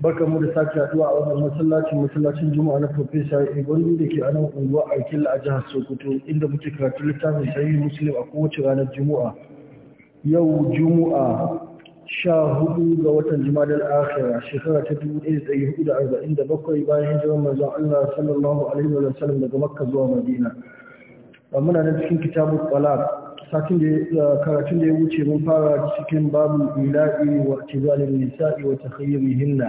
baka mu da sake haduwa a wannan masallacin masallacin juma'a na professor Ibrahim, da ke anan unguwa aikila a jihar sokoto inda muke karatu littafin sahihi muslim a kowace ranar juma'a yau juma'a sha hudu ga watan jumadal akhira shekara ta dubu ɗaya da ɗari hudu da arba'in da bakwai bayan hijirar manzon allah sallallahu alaihi wa sallam daga makka zuwa madina muna nan cikin kitabun talaq satin da eh, karatun da ya wuce mun fara cikin babu ila'i wa tizalin nisa'i wa takhayyumihinna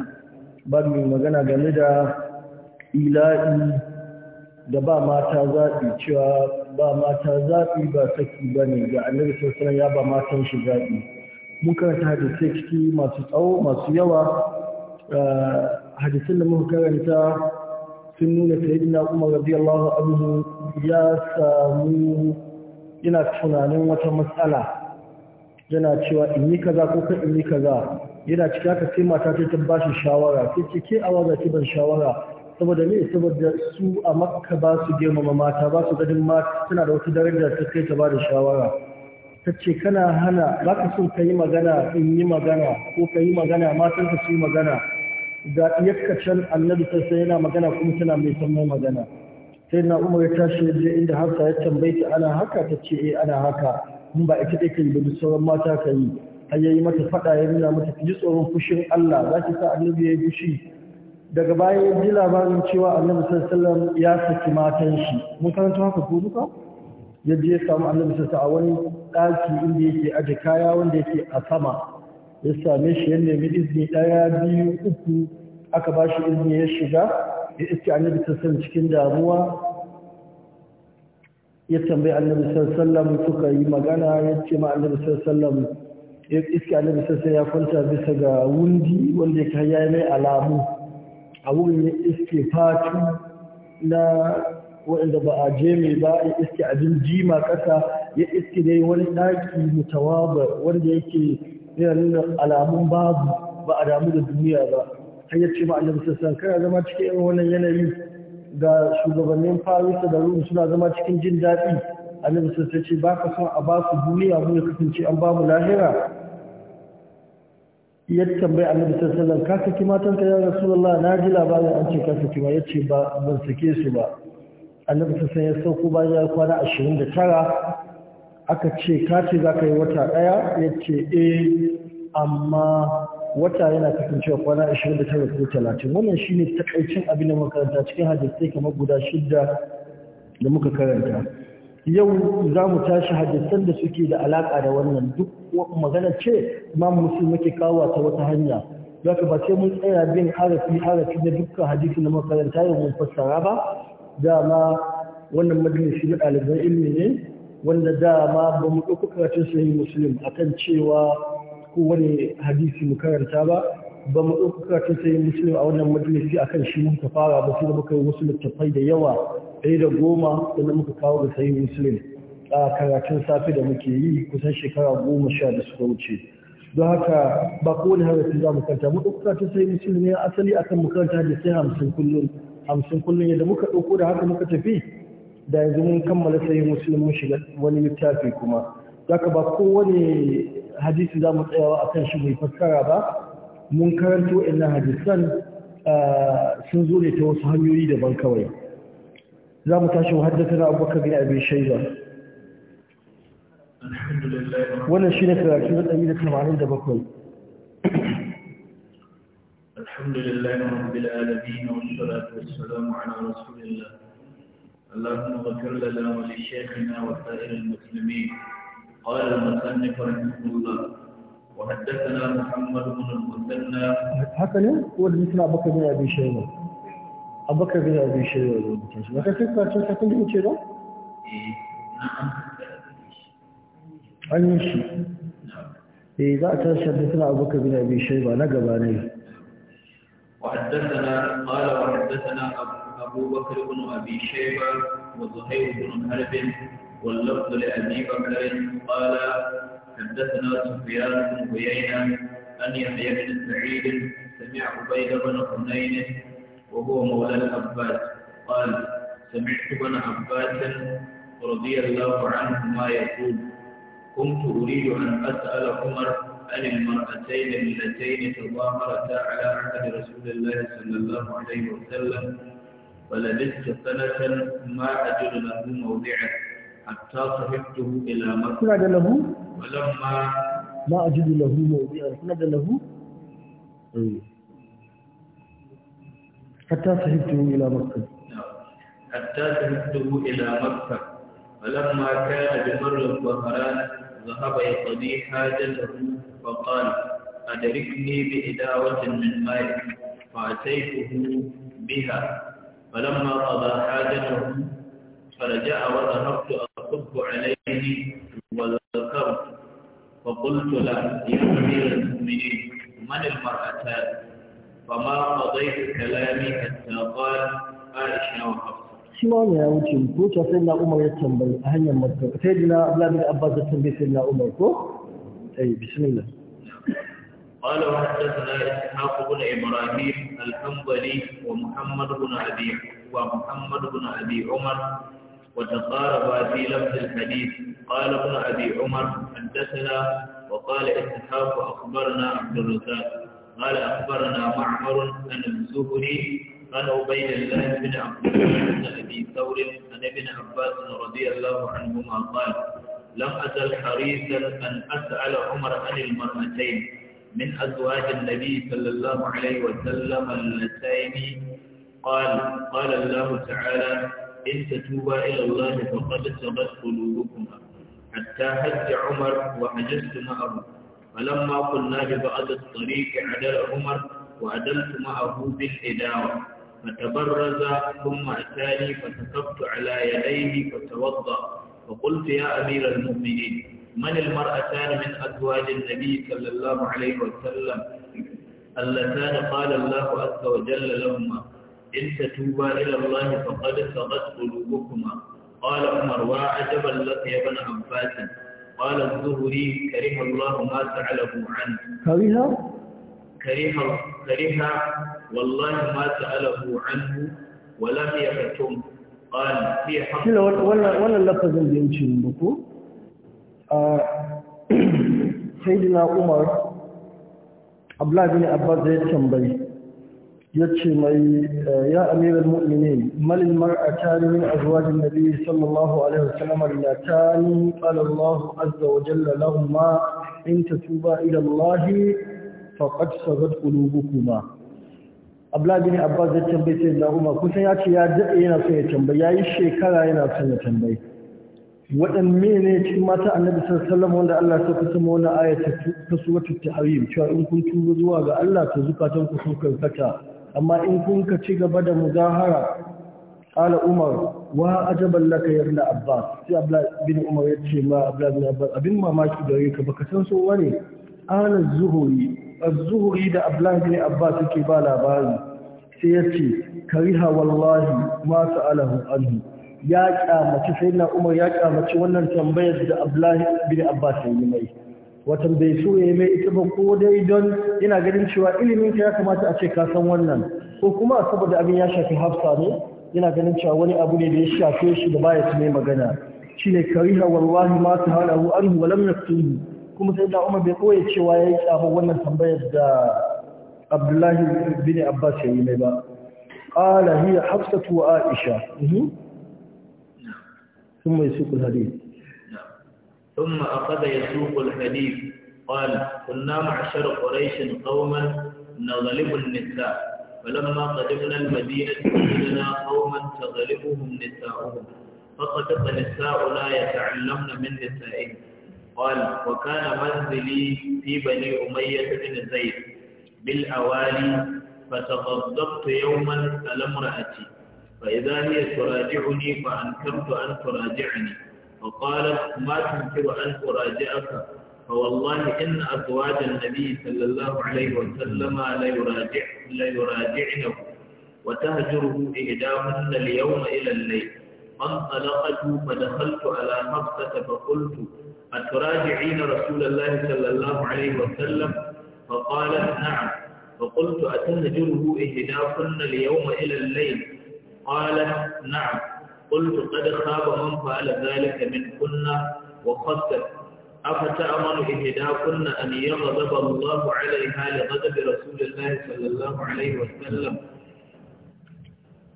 babu mai magana game da ila'i da ba mata zaɓi cewa ba mata zaɓi ba saki ba ne ga annabi sassan ya ba matan shi zaɓi mun karanta hadisai ciki masu tsawo masu yawa eh, hadisin da muka karanta sun nuna sayyidina umar radiyallahu anhu ya samu yana tunanin wata matsala yana cewa in yi kaza ko kan in yi kaza yana cika haka sai mata ta ta bashi shawara sai ce ke a waza ki ban shawara saboda ne saboda su a makka ba su girmama mata ba su gadin mata tana da wata daraja ta kai ta ba da shawara ta ce kana hana ba ka so ka yi magana in yi magana ko ka yi magana matan ka su yi magana ga iyakka can annabi sai yana magana kuma tana mai san magana sai na umar ya tashi je inda hafsa ya tambayi ta ana haka ta ce eh ana haka in ba ita take ba duk sauran mata ka yi har yayi mata faɗa, ya nuna mata ji tsoron fushin Allah za ki sa annabi ya yi fushi daga baya ya ji labarin cewa annabi sallallahu alaihi wasallam ya saki matan shi mun karanta haka ko duka ya je ya samu annabi sallallahu alaihi wasallam a wani ɗaki inda yake aje kaya wanda yake a sama ya same shi ya nemi izini ɗaya biyu uku aka ba shi izini ya shiga ya iske annabi sassan cikin damuwa ya tambayi annabi wasallam suka yi magana ya ce ma annabi sallam ya iske annabi sassan ya kwanta bisa ga wundi wanda ya kaya mai alamu a wurin ya iske fatu na waɗanda ba a je mai ba ya iske abin jima ƙasa ya iske dai wani ɗaki mutawaba wanda yake yana nuna alamun babu ba a damu da duniya ba har ya ce ba annabi kana zama cikin irin wannan yanayi da shugabannin farisa da rum suna zama cikin jin daɗi annabi sassan ce ba ka son a ba su duniya mu ya kasance an ba mu lahira ya tambayi annabi sassan ka saki matanka ya rasulullah na ji labarin an ce ka saki ma ya ce ba ban sake su ba annabi wasallam ya sauko bayan ya kwana ashirin da tara aka ce ka ce za yi wata ɗaya yace e eh amma wata yana kasancewa kwana 29 ko 30 wannan shine takaicin abin da makaranta cikin hadisai kamar guda shidda da muka karanta yau za mu tashi hadisan da suke da alaka da wannan duk magana ce imam muslim yake kawo ta wata hanya zaka ba sai mun tsaya bin harafi harafi na dukkan hadisi na makaranta ya mun fassara ba dama wannan majalisi na ɗaliban ilmi ne wanda dama ba mu ɗauki karatun sahih muslim akan cewa kowane hadisi mu karanta ba ba mu ɗauka karatun sai muslim a wannan majalisi akan shi muka fara ba sai da muka yi wasu littattafai da yawa ɗaya da goma da muka kawo da sai muslim a karatun safe da muke yi kusan shekara goma sha da suka wuce don haka ba kowane harafi za mu karanta mu ɗauka karatun sai muslim ne asali akan mu karanta da sai hamsin kullum hamsin kullum yadda muka ɗauko da haka muka tafi da yanzu mun kammala sai muslim mun shiga wani littafi kuma daga ba kowane hadisi za mu tsayawa a kan shi mai fassara ba mun karanto inna hadisan sun zo ne ta wasu hanyoyi daban kawai za mu tashi haddasa na abubakar bin abin shaida wannan shi ne karatu na ɗari da tamanin da bakwai الحمد لله رب العالمين والصلاة والسلام على رسول الله اللهم اغفر لنا ولشيخنا وسائر المسلمين قال المصنف رحمه الله وحدثنا محمد بن المثنى حكنا هو مثل ابو بكر بن ابي شيبه ابو بكر بن ابي شيبه ما كان في تكون كده؟ إيه، نعم an yi shi eh za ta shaɗa tana abubakar bin abi shaiba na gaba وحدثنا قال وحدثنا أبو بكر بن أبي شيبة وزهير بن حرب واللفظ لأبي بكر قال حدثنا سفيان بن عيينة أن يحيى بن سعيد سمع عبيد بن حنين وهو مولى العباس قال سمعت بن عباس رضي الله عنهما يقول كنت أريد أن أسأل عمر عن المرأتين اللتين تظاهرتا على عهد رسول الله صلى الله عليه وسلم ولبثت سنة ما أجد له موضعا حتى صحبته إلى مكة له ولما ما أجد له موضعا نادى له إيه. حتى صحبته إلى مكة نعم حتى صحبته إلى مكة فلما كان بمر الظهران ذهب يقضي حاجته فقال أدركني بإداوة من مالك فأتيته بها فلما قضى حاجته فرجع وذهبت والصب عليه وذكرت فقلت له يا أمير المؤمنين من المرأتان فما قضيت كلامي حتى قال عائشة وحفصة shi يا ya wuce ko ta sai na umar ya tambayi a hanyar makka sai dina abdullahi bin abbas ya tambayi قال وحدثنا إسحاق بن إبراهيم الحنظلي ومحمد بن أبي ومحمد بن أبي عمر وتقاربا في لفظ الحديث قال ابن أبي عمر حدثنا وقال إسحاق أخبرنا عبد الرزاق قال أخبرنا معمر عن الزهري عن أبي الله بن عبد الله بن أبي ثور عن ابن عباس رضي الله عنهما قال لم أزل حريصا أن أسأل عمر عن المرأتين من أزواج النبي صلى الله عليه وسلم اللتين قال قال الله تعالى إن تتوبا إلى الله فقد سبت قلوبكما حتى هج عمر وحجزت معه فلما قلنا ببعض الطريق عدل عمر وعدلت معه بالإداوة فتبرز ثم أتاني فسكبت على يديه فتوضأ فقلت يا أمير المؤمنين من المرأتان من أزواج النبي صلى الله عليه وسلم اللتان قال الله عز وجل لهما إن تتوبا إلى الله فقد سغت قلوبكما قال عمر وعجبا لك يا ابن عباس قال الزهري كره الله ما سأله عنه كره كره كره والله ما سأله عنه ولم يكتم قال في حق ولا ولا لفظ يمشي بكو سيدنا عمر Abdullahi bin Abbas zai tambayi yace mai ya amiral mu'minin mal mar'atan min azwaj an-nabi sallallahu alaihi wasallam allatani qala Allah azza wa jalla lahumma in tatuba ila Allah faqad sagat qulubukuma Abdullah bin Abbas ya tambaye sai da Umar kusan ya ce ya dade yana so ya tambaye yayi shekara yana so ya tambaye waɗanne ne cikin mata annabi sallallahu wanda Allah ta kusa ma wannan ayata ta suratul tahrim cewa in kun tuba zuwa ga Allah to zukatan ku sun karkata amma in kun ka ci gaba da muzahara qala umar wa ajaban laka ya abbas sai abla bin umar yace ma abla bin abbas abin mamaki gare ka baka san so wane ala zuhuri az-zuhuri da abla bin abbas yake ba labari sai yace kariha wallahi ma sa'alahu anhu ya kyamaci sayyidina umar ya kyamaci wannan tambayar da abla bin abbas yayi mai watan bai so ya mai ita ba ko dai don ina ganin cewa ilimin ka ya kamata a ce ka san wannan ko kuma saboda abin ya shafi hafsa ne ina ganin cewa wani abu ne da ya shafe shi da baya su mai magana shine kariha wallahi ma ta halahu an wa lam yaktubu kuma sai da Umar bai koya cewa ya yi tsafa wannan tambayar da Abdullahi bin Abbas ya yi mai ba qala hiya hafsatu wa aisha sun mai sukul ثم أخذ يسوق الحديث قال كنا معشر قريش قوما نغلب النساء فلما قدمنا المدينة وجدنا قوما تغلبهم نساؤهم فقدت النساء لا يتعلمن من نسائهم قال وكان منزلي في بني أمية بن زيد بالأوالي فتغضبت يوما على امرأتي فإذا هي تراجعني فأنكرت أن تراجعني فقالت ما تنكر أن أراجعك فوالله إن أزواج النبي صلى الله عليه وسلم لا يراجع لا يراجعنه وتهجره إحداهن اليوم إلى الليل فانطلقت فدخلت على حفصة فقلت أتراجعين رسول الله صلى الله عليه وسلم فقالت نعم فقلت أتهجره إحداهن اليوم إلى الليل قالت نعم قلت قد خاب من فعل ذلك من كنا وخسر أفتأمن إهداكن أن يغضب الله عليها لغضب رسول الله صلى الله عليه وسلم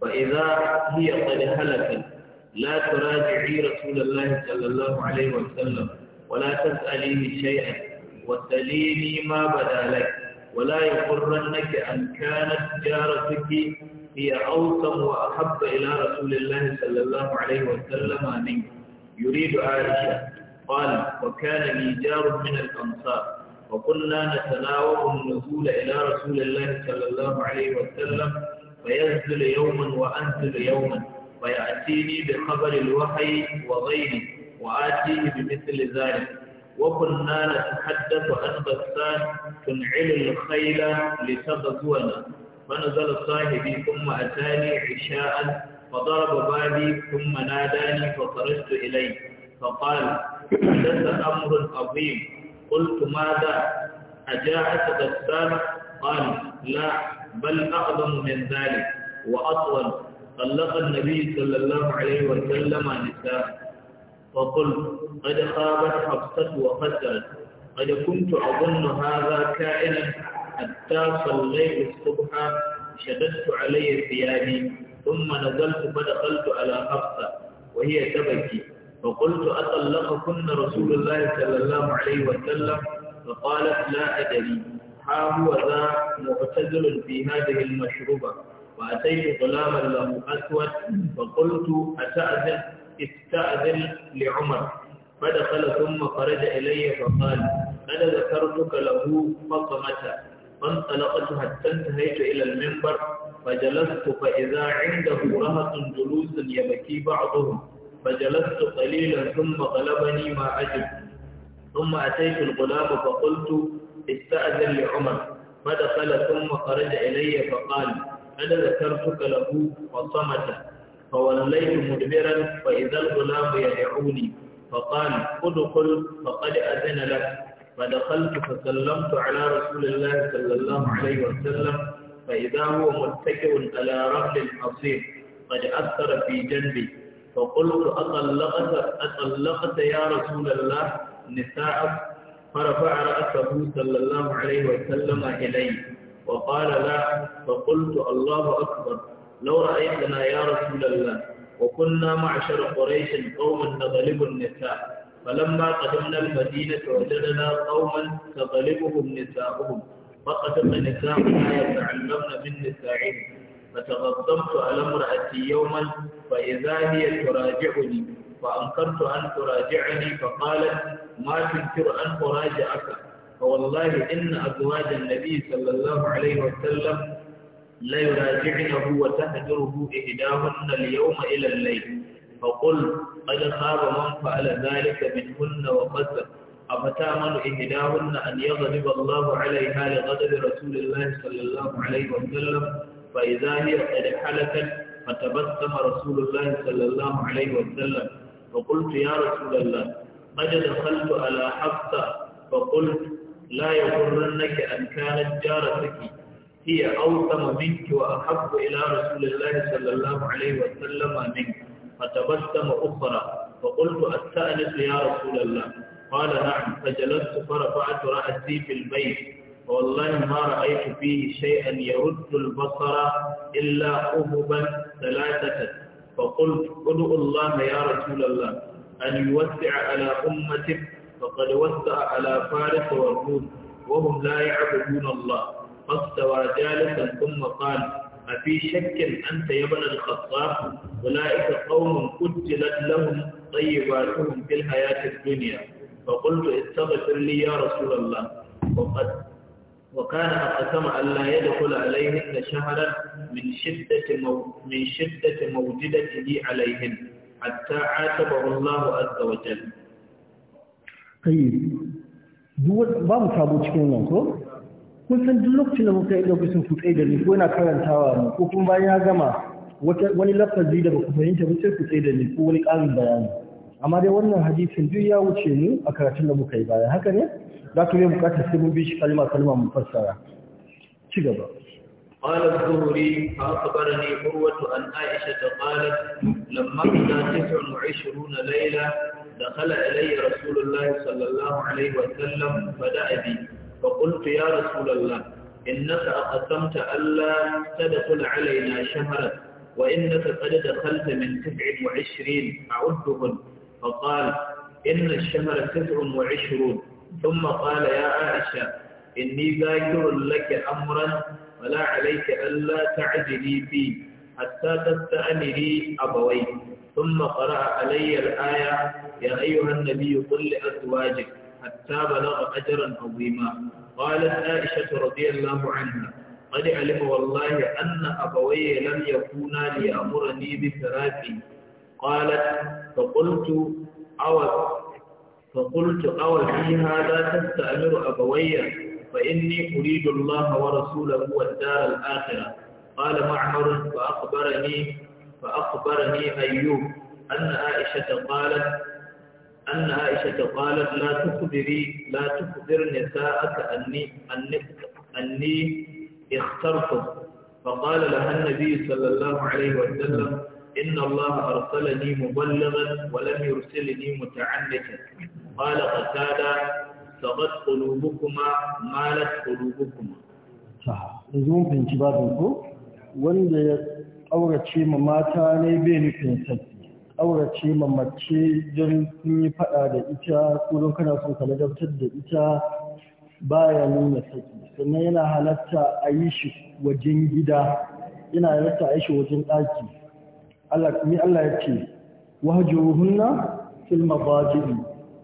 فإذا هي قد هلكت لا تراجعي رسول الله صلى الله عليه وسلم ولا تسأليه شيئا وسليني ما بدا لك ولا يقرنك أن كانت جارتك هي أوسم وأحب إلى رسول الله صلى الله عليه وسلم منه يريد عائشة قال وكان لي جار من الأنصار وكنا نتناوب النزول إلى رسول الله صلى الله عليه وسلم فينزل يوما وأنزل يوما ويأتيني بخبر الوحي وغيره وآتيه بمثل ذلك وكنا نتحدث عن غسان تنعل الخيل لتغزونا فنزل صاحبي ثم أتاني عشاء فضرب بالي ثم ناداني فخرجت إليه فقال حدث أمر عظيم قلت ماذا أجاءك غسان قال لا بل أعظم من ذلك وأطول طلق النبي صلى الله عليه وسلم نساء فقلت قد خابت حفصة وخسرت قد كنت أظن هذا كائنا حتى صليت الصبح شددت علي ثيابي ثم نزلت فدخلت على حفصة وهي تبكي فقلت أطلقكن رسول الله صلى الله عليه وسلم فقالت لا أدري ها هو ذا معتزل في هذه المشروبة وأتيت غلاما له أسود فقلت أتأذن استأذن لعمر فدخل ثم خرج إلي فقال أنا ذكرتك له فطمة فانطلقت حتى انتهيت إلى المنبر فجلست فإذا عنده رهط جلوس يبكي بعضهم فجلست قليلا ثم غلبني ما عجب ثم أتيت الغلام فقلت استأذن لعمر فدخل ثم خرج إلي فقال أنا ذكرتك له وصمت فوليت مدبرا فإذا الغلام يدعوني فقال ادخل فقد أذن لك فدخلت فسلمت على رسول الله صلى الله عليه وسلم فإذا هو متكئ على رحل عصيب قد أثر في جنبي فقلت أطلقت, أطلقت يا رسول الله نساءك فرفع رأسه صلى الله عليه وسلم إلي وقال لا فقلت الله أكبر لو رأيتنا يا رسول الله وكنا معشر قريش قوما نغلب النساء فلما قدمنا المدينة وجدنا قوما تغلبهم نساؤهم فقدم نساؤنا يتعلمن من نسائهم فتغضبت على امرأتي يوما فإذا هي تراجعني فأنكرت أن تراجعني فقالت ما تنكر أن أراجعك فوالله إن أزواج النبي صلى الله عليه وسلم لا يراجعنه وتهجره إهداهن اليوم إلى الليل فقل قد خاب من فعل ذلك منهن وقسم أفتامل إهداهن أن يغلب الله عليها لغضب رسول الله صلى الله عليه وسلم فإذا هي قد حلكت فتبسم رسول الله صلى الله عليه وسلم فقلت يا رسول الله قد دخلت على حفصة فقلت لا يغرنك أن كانت جارتك هي أوثم منك وأحب إلى رسول الله صلى الله عليه وسلم منك فتبسم أخرى فقلت أستأنس يا رسول الله قال نعم فجلست فرفعت رأسي في البيت والله ما رأيت فيه شيئا يرد البصر إلا أهبا ثلاثة فقلت ادعو الله يا رسول الله أن يوسع على أمتك فقد وسع على فارس والروم وهم لا يعبدون الله فاستوى جالسا ثم قال أفي شك أنت يا ابن الخطاب أولئك قوم قتلت لهم طيباتهم في الحياة الدنيا فقلت استغفر لي يا رسول الله وقد وكان أقسم أن لا يدخل عليهن شهرا من شدة مو من شدة موجدته عليهن حتى عاتبه الله عز وجل. طيب دول بام سابو cikin wannan ko kun san duk lokacin da muka yi lokacin ku tsaye da ni ko yana karantawa mu ko kuma bayan ya gama wani lafazi da ba ku fahimta ba sai ku tsaye da ni ko wani ƙarin bayani amma dai wannan hadisin duk ya wuce mu a karatun da muka yi baya haka ne za ku yi bukatar sai mun bi shi kalma kalma mu fassara ci gaba قال الزهري فأخبرني مروة عن عائشة قالت لما كنا تسع وعشرون ليلة دخل إلي رسول الله صلى الله عليه وسلم فدأ بي فقلت يا رسول الله إنك أقسمت ألا تدخل علينا شهرا وإنك قد دخلت من تسع وعشرين أعدهن فقال إن الشهر تسع وعشرون ثم قال يا عائشة إني ذاكر لك أمرا ولا عليك ألا تعجلي فيه حتى تستأمري أبويك ثم قرأ علي الآية يا أيها النبي قل لأزواجك حتى بلغ أجرا عظيما قالت عائشة رضي الله عنها قد علم والله أن أبوي لم يكونا ليأمرني بفراقي قالت فقلت أو فقلت أو في هذا تستأمر أبوي فإني أريد الله ورسوله والدار الآخرة قال معمر فأخبرني فأخبرني أيوب أن عائشة قالت أن عائشة قالت لا تخبري لا تخبر نساءك أني, أني, أني اخترتك فقال لها النبي صلى الله عليه وسلم إن الله أرسلني مبلغا ولم يرسلني متعنتا قال قتادة سغت قلوبكما مالت قلوبكما صح yanzu mun fahimci babin ko wanda ya aurace ma mata ne bai nufin aurace mamace don sun yi faɗa da ita ko don kana son ka ladabtar da ita baya nuna saki sannan yana halatta a yi shi wajen gida yana halatta a yi shi wajen ɗaki ni Allah ya ce wahjuruhunna fil mabaji'i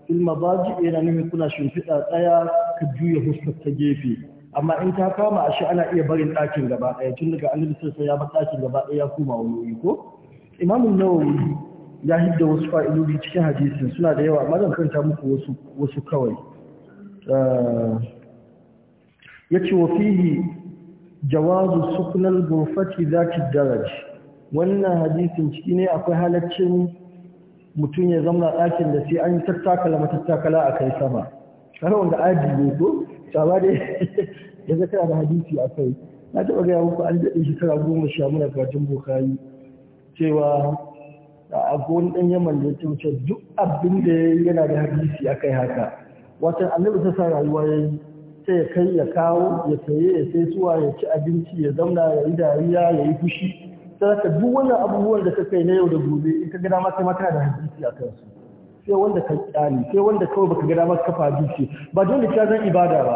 fil mabaji'i yana nufin kuna shimfiɗa ɗaya ka juya huskar ta gefe amma in ta kama a shi ana iya barin ɗakin gaba ɗaya tun daga annabi sai ya bar ɗakin gaba ɗaya ya koma wani ko imamun nawawi ya hidda wasu fa’ilubi cikin hadisin suna da yawa amma zan karanta muku wasu kawai eh, ya ce wa fihi jawazu sukunan gurfati zati daraj wannan hadisin ciki ne akwai halaccin mutum ya zama ɗakin da sai an yi tattakala matattakala a kai sama kare wanda aji ne ko da ya zaka da hadisi a kai na taɓa gaya muku an daɗe shekara goma sha muna karatun bukari cewa da agon ɗan yaman da ya wuce duk abin da yana da hadisi a kai haka wata annabi ta sa rayuwa ya yi sai ya kai ya kawo ya saye ya sai suwa ya ci abinci ya zauna ya yi dariya ya yi fushi sai duk wannan abubuwan da ka kai na yau da gobe in ka gada ma maka da hadisi a kan su. sai wanda ka kyani sai wanda kawai baka gada ma kafa hadisi ba dole ka zan ibada ba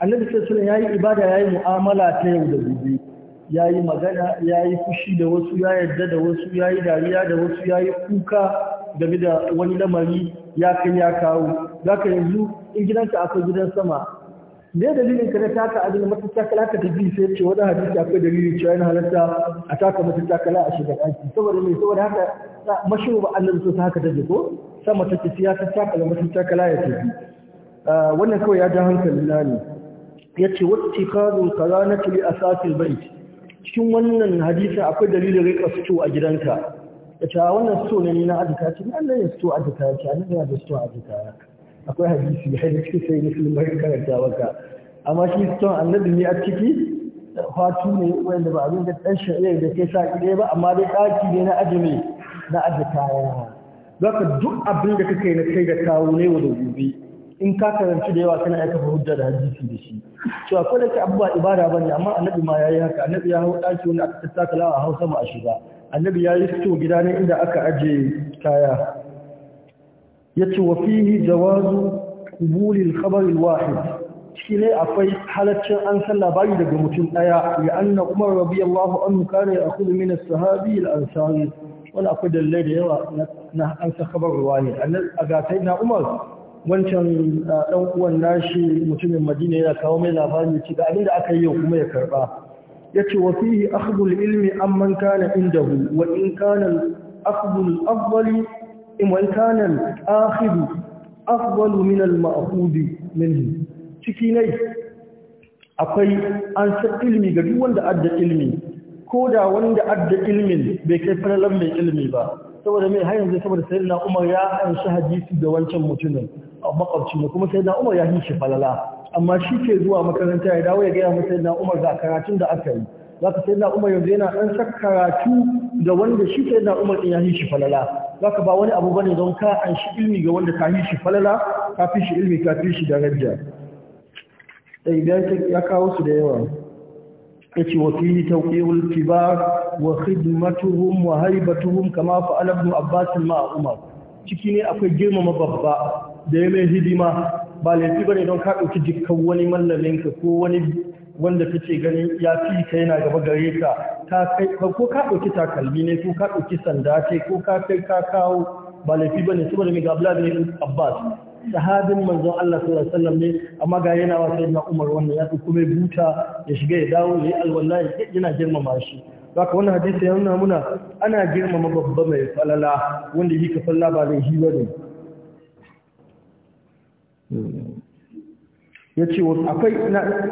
annabi sai ya yi ibada ya mu'amala ta yau da gobe ya yi magana ya yi fushi da wasu ya yarda da wasu ya yi dariya da wasu ya yi kuka game da wani lamari ya kai ya kawo za ka yanzu in gidanka akwai gidan sama ne dalilin ka na taka mata takala ka tafi sai ce wani hadisi akwai dalilin cewa yana halatta a taka takala a shiga ɗaki saboda mai saboda haka mashiru ba annabi so ta haka ta ko sama take siya ta taka takala ya tafi ah, wannan kawai ya ja hankali na ne Ya yace wacce kazo kaza na tuli asasil bait cikin wannan hadisin akwai dalilin rika fito a gidanka da cewa wannan fito ne na azuka ce na Allah ya sto azuka ya ce Allah ya da azuka akwai hadisi ya yi cikin sai musulmi mai karanta maka amma shi sto annabi ne a ciki fatu ne wanda ba abin da dan shari'a da ke sa kide ba amma dai daki ne na ajimi na azuka ya ka duk abin da kake na kai da kawo ne wa da gobe in ka karanci da yawa kana aika hujja da hadisi da shi To akwai da ke abubuwa ibada bane amma annabi ma yayi haka annabi ya hau daki wanda aka tattaka lawa hausa ma a shiga annabi ya yi fito gida ne inda aka aje kaya yace wa fihi jawazu qubul al-khabar al-wahid shi ne akwai halaccin an san labari daga mutum daya ya anna umar radiyallahu anhu kana ya'khudhu min as-sahabi al-ansari wala akwai dalilai da yawa na an san khabar wahid annabi ga sayyidina umar wancan ɗan uwan nashi mutumin madina yana kawo mai labarin ci ga abin da aka yi yau kuma ya karɓa ya ce wa fihi akhdul ilmi amman kana indahu wa in kana akhdul afdali in wa in kana akhidu afdalu min al ma'khudi minhu ciki ne akwai an san ilmi ga duk wanda adda ilmi ko da wanda adda ilmin bai kai falalan mai ilmi ba saboda mai har yanzu saboda sayyidina Umar ya amshi hadisi da wancan mutumin makwabci ne kuma sai na umar ya yi shi falala amma shi ke zuwa makaranta ya dawo ya gaya masa sai na umar ga karatun da aka yi za ka sai na umar yanzu yana ɗan sa karatu da wanda shi sai na umar ya yi shi falala za ka ba wani abu bane don ka an shi ilmi ga wanda ka yi shi falala ka fi shi ilmi ka fi shi daraja eh, idan ya kawo su da yawa ya ce wa fi tauƙi'ul kibar wa khidmatuhum wa haibatuhum kama fa'ala ibn abbas umar ciki ne akwai girmama babba da ya mai hidima ba laifi ne don ka ɗauki jikan wani mallaminka ko wani wanda kake ganin ya fi ka yana gaba gare ka ko ka ɗauki takalmi ne ko ka ɗauki sanda ce ko ka kai ka kawo ba laifi bane saboda mai gabla ne abbas sahabin manzon Allah sallallahu alaihi wasallam ne amma ga yana wa sayyidina Umar wannan ya kuma buta ya shiga ya dawo ya alwala yana girmama shi haka wannan hadisi ya nuna muna ana girmama babba mai falala wanda yake falla ba zai hiwa ne ya ce wasu akwai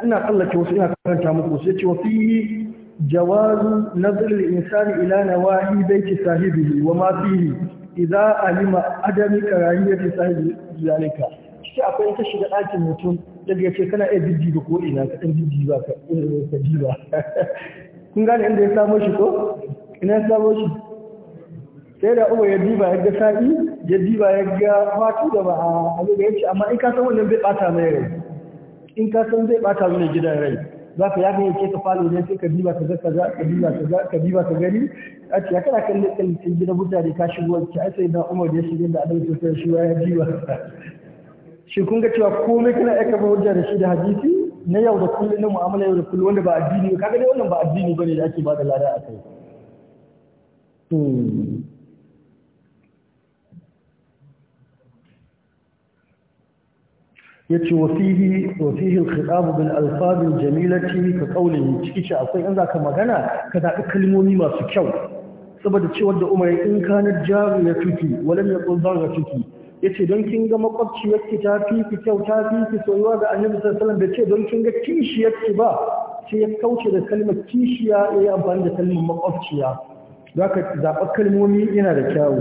ina tsallake wasu ina karanta muku ya ce wasu yi jawazu nazarin insani ila na wahi baiti sahibi wa ma fihi idza alima adami karahiyati sahibi zalika shi akwai ta shiga ɗakin mutum daga yace kana iya jijji ga ko ina ka dan jijji ba ka eh, ka ji ba kun gane inda ya samo shi ko ina ya samo shi sai da umar ya diba ya ga sa'i ya diba ya ga fatu da ba a hannu ya ce amma in ka san wannan zai bata mai rai in ka san zai bata mai gidan rai za ka yaga yake ka falo ne sai ka diba ka ga kaza ka diba ka ga ka diba ka gani a ce kana kallon kallon gidan mutane ka shigo wacce ai sai da umar ya shige da adam sosai shi ya diba shi kun ga cewa komai kana aika ba hujja da shi da hadisi na yau da kullum na mu'amala yau da kullum wanda ba addini ba kaga dai wannan ba addini bane da ake ba da lada a kai hmm. yace wa fihi wa fihi al-khitab bil alfaz al-jamilati ka qawlihi ciki ce akwai in zaka magana ka zaɓi kalmomi masu kyau saboda cewa da Umar in kana jaru ya tuki walam yaqul ga tuki yace don kin ga makwabci yake ta fifi kyau ta fifi soyuwa ga Annabi sallallahu alaihi wasallam ce don kin ga kishi yake ba sai ya kauce da kalmar kishiya ya amfani da kalmar makwabciya zaɓa kalmomi yana da kyawu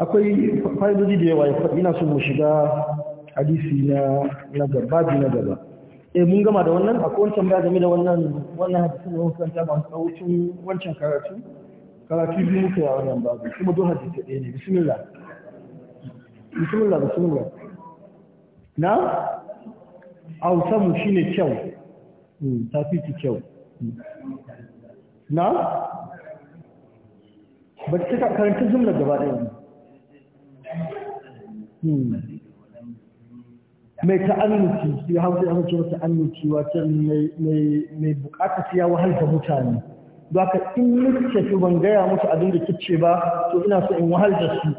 akwai fa'idoji da yawa ina so mu shiga hadisi na na gaba na gaba eh mun gama da wannan akwai wancan ba game da wannan wannan hadisin da wancan ta ban tsawucin wancan karatu karatu biyu ke a wannan babu kuma duk hadisi ɗaya ne bismillah bismillah bismillah na mu shine kyau hmm, fi ki kyau na ba ta karanta jumla gaba ɗaya mai su shi hausa ya mace wata annuci wata mai bukatar ya wahal da mutane ba ka in nake su ban gaya musu abin da kice ba to ina so in wahal da su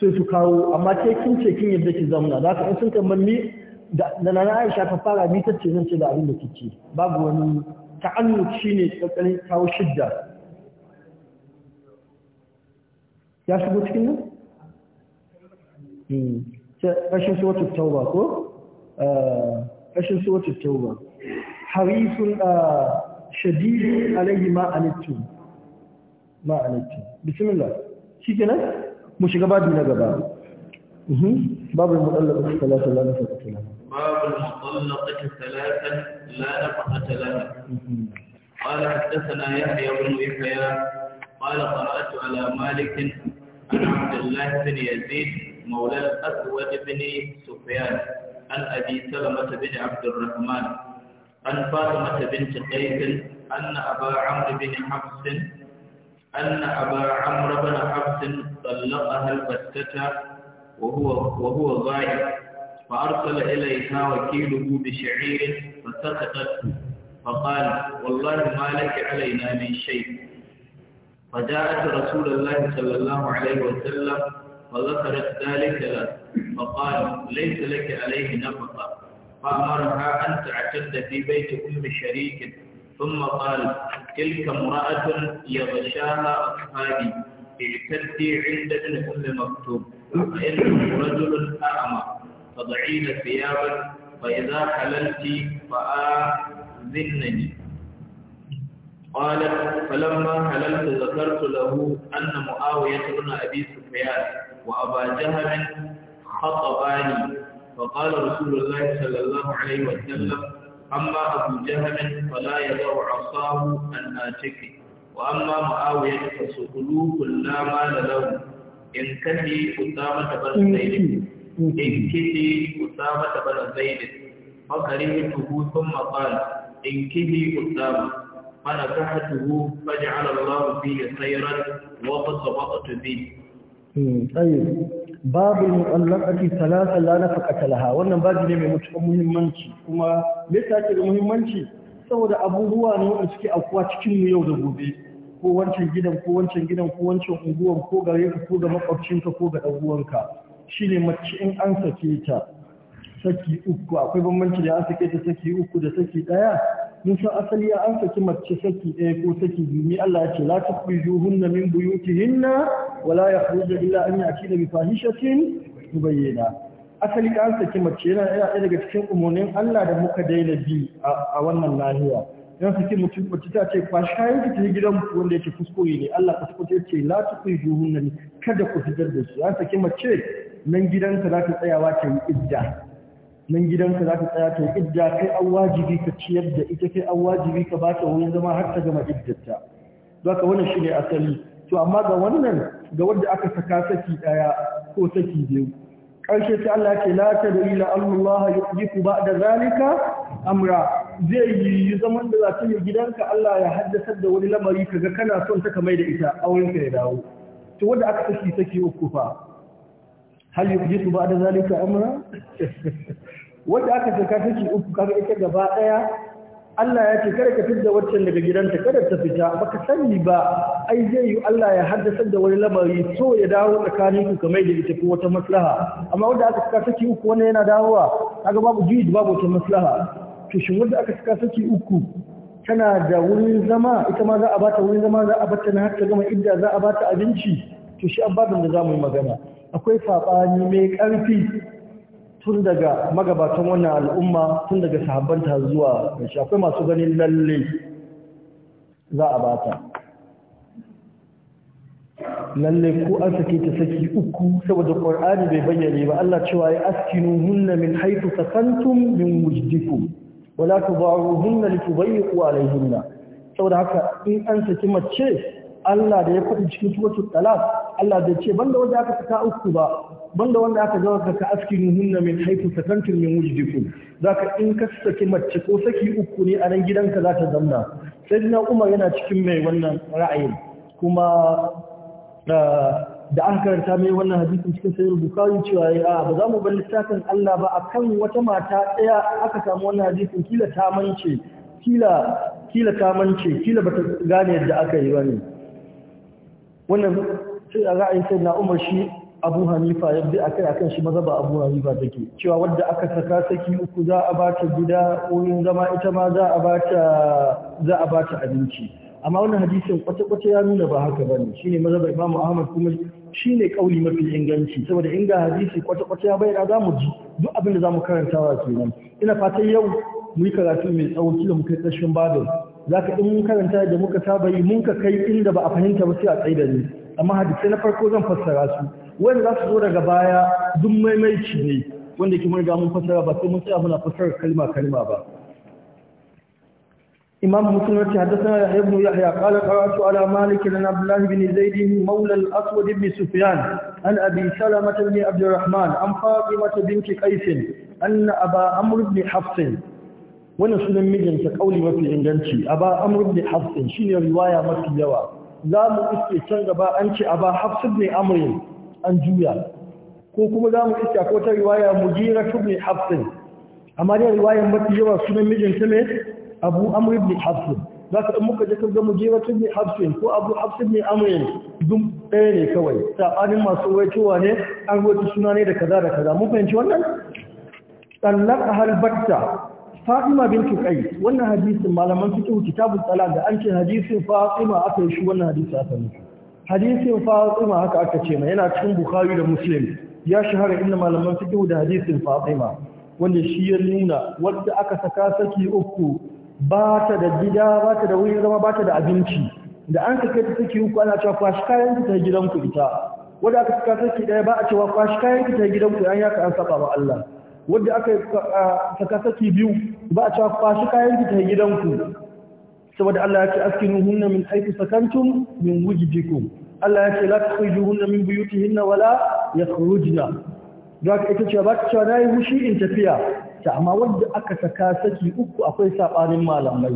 sai su kawo amma ke kin ce kin yadda ki zamuna za ka in sun kamar ni da na Aisha ta fara ni tace zan ce da abin da babu wani ta'annuci ne tsakanin kawo shidda ya shigo cikin nan ايش سورة التوبة كو ايش آه، سورة التوبة حريص آه، شديد عليه ما أنتم ما أنتم بسم الله شي كنا مش قباد من قباد باب المطلقة ثلاثة لا نفقة لها باب المطلقة ثلاثة لا نفقة لها قال حدثنا يحيى بن يحيى قال قرأت على مالك عن عبد الله بن يزيد مولى أسود بن سفيان عن أبي سلمة بن عبد الرحمن عن فاطمة بنت قيس أن أبا عمرو بن حفص أن أبا عمرو بن حفص طلقها البتة وهو وهو غائب فأرسل إليها وكيله بشعير فسقطت فقال والله ما لك علينا من شيء فجاءت رسول الله صلى الله عليه وسلم فذكرت ذلك له فقال ليس لك عليه نفقة فأمرها أن تعتد في بيت أم شريك ثم قال تلك امرأة يغشاها أصحابي اعتدي عند ابن أم مكتوب فإنه رجل أعمى فضعين ثيابا فإذا حللت فآذنني قالت فلما حللت ذكرت له أن معاوية بن أبي سفيان وأبا جهل خطباني فقال رسول الله صلى الله عليه وسلم أما أبو جهل فلا يدع عصاه أن آتك وأما معاوية فسقلوه لا مال له إن كفي أسامة بن زيد إن كفي أسامة بن زيد فكرهته ثم قال إن كفي أسامة فنكحته فجعل الله فيه خيرا وقد به Hmm, tsaye babu mu'allaqati salasa la nafaqata laha wannan babu ne mai mutukar muhimmanci kuma me yasa ke da muhimmanci saboda abubuwa ne wanda suke aukuwa cikin mu yau da gobe ko wancan gidan ko wancan gidan ko wancan unguwan ko gare ka ko ga makwabcinka ko ga ɗan'uwanka shine mace in an sake ta saki uku akwai bambanci da an sake ta saki uku da saki ɗaya mun san asali ya an saki mace saki ɗaya ko saki biyu ni Allah ya ce la na min wala ya la da illa an ya'tina bi su bayyana. asali an saki mace yana ɗaya daga cikin umarnin Allah da muka daina bi a wannan lahiya yan saki mutum mace ta ce ba kayan ta yi gidan wanda yake kuskure ne Allah ka tabbata ce la tukhrijuhunna kada ku fitar da su an saki mace nan gidanta za ta tsayawa ta yi idda nan gidanka za ka tsaya ta yi. idda kai an wajibi ka ciyar da ita kai an wajibi ka ba ta wurin zama har ta gama iddata za ka wani shi ne asali to amma ga wannan ga wanda aka saka saki ɗaya ko saki biyu ƙarshe ta Allah ce la ta da ila Allah ya jiku ba da zalika amra zai yi zaman da za ta yi gidanka Allah ya haddasar da wani lamari ka ga kana son ta kamar da ita aurenka ya dawo to wanda aka saki saki uku fa hal yujisu ba da zalika amra wanda aka saka take uku kaga ita gaba daya Allah ya ce kada ka fidda waccan daga gidanta kada ta fita baka sani ba ai zai yi Allah ya haddasar da wani lamari so ya dawo tsakanin ku kamar da ita ko wata maslaha amma wanda aka saka saki uku wannan yana dawowa kaga babu jihad babu wata maslaha to shin wanda aka saka saki uku tana da wurin zama ita ma za a bata wurin zama za a bata na har ta gama idda za a bata abinci to shi ababin da zamu yi magana akwai saɓani mai karfi tun daga magabatan wannan al'umma tun daga sahabbanta zuwa shi akwai masu ganin lalle za a bata lalle ko an sake ta saki uku saboda qur'ani bai bayyane ba Allah cewa ya askinu hunna min haythu sakantum min wujdikum wala tudaruhunna litubayyiqu alayhinna saboda haka in an saki mace Allah da ya faɗi cikin suratul talaq Allah da ce banda wanda aka saka uku ba banda wanda aka ga ka askinu hunna min haythu sakantum min wujdikum zaka in ka saki mace ko saki uku ne a nan gidanka za ta zamna sayyidina Umar yana cikin mai wannan ra'ayin kuma ah, da an karanta mai wannan hadisin cikin sayar bukari cewa ya ah, ba za mu bar littafin Allah ba akan wata mata ɗaya aka samu wannan hadisin kila ta mance kila kila ta bata gane yadda aka yi bane wannan ra'ayin sai na umar shi abu hanifa ya bi akai akan shi mazaba abu hanifa take cewa wadda aka saka saki uku za a bata gida wurin zama ita ma za a bata za a bata abinci amma wannan hadisin kwata-kwata ya nuna ba haka bane shine maza imam ahmad kuma shine kauli mafi inganci saboda in ga hadisi kwata-kwata ya bayyana za mu ji duk abin da za mu karantawa kenan ina fatan yau mu yi karatu mai tsawo kila mu kai ƙarshen babin za ka mun karanta da muka saba yi mun ka kai inda ba a fahimta ba sai a tsaye da ni amma na farko zan fassara su wanda za su zo daga baya duk maimaici ne wanda ke murga mun fassara ba sai mun tsaya muna fassara kalma kalma ba imam muslim ya hadasa mu ibn yahya qala qara'tu ala malik na abdullah bin zaid mawla al aswad bin sufyan an abi salama bin abdurrahman an fatima bint qais an aba amr bin hafs wannan sunan mijinta kauli mafi inganci aba amr ibn hafs shine riwaya mafi yawa za mu iske can gaba an ce a aba hafs ne Amurin an juya ko kuma za mu iske akwai ta riwaya mujira ibn hafsin amma dai riwayar mafi yawa sunan mijinta ne abu amr ibn hafs za ka muka je kan ga mujira ibn hafsin ko abu hafs ne Amurin dun ɗaya ne kawai sabanin masu waitowa ne an wato suna ne da kaza da kaza mun fahimci wannan tallaqaha al-batta Fatima bin Qais wannan hadisin malaman fiqh kitabul tsala da an ce hadisin Fatima aka yi shi wannan hadisi aka nufi. hadisin Fatima haka aka ce mai yana cikin Bukhari da Muslim ya shahara inda malaman suke da hadisin Fatima wanda shi ya nuna wanda aka saka saki uku ba ta da gida ba ta da wurin zama ba ta da abinci da an saka ta saki uku ana cewa kwashi kayan ta gidan ku ita wanda aka saka saki daya ba a cewa kwashi kayan ta gidan ku" an yaka an saba wa Allah wadda aka saka saki biyu ba a cewa fashi kayan ki gidanku saboda Allah ya ce hunna min haythu sakantum min wujdikum Allah ya ce la hunna min buyutihinna wala yakhrujna don haka ita ce ba ta cewa nayi mushi in tafiya ta amma wadda aka saka saki uku akwai sabanin malamai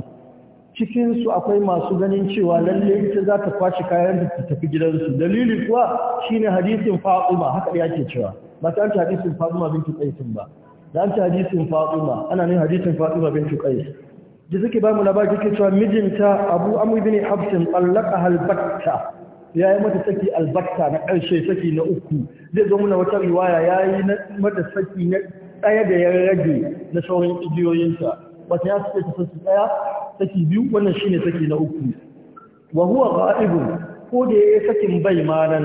cikin su akwai masu ganin cewa lalle ita za ta kwashi kayan da ta tafi gidansu dalili kuwa shine hadisin fa'uma haka da yake cewa ba ta an hadisin Fatima bintu Qais ba da an hadisin Fatima ana ne hadisin Fatima bintu Qais da suke ba mu labari ke cewa mijinta Abu Amr bin absin, tallaka halbatta ya yi mata saki albatta na ƙarshe saki na uku zai zo muna wata riwaya ya yi mata saki na ɗaya da ya rage na sauran igiyoyinsa wata ya suke ta saki ɗaya saki biyu wannan shine saki na uku wa huwa ga'ibun ko da ya yi sakin bai ma nan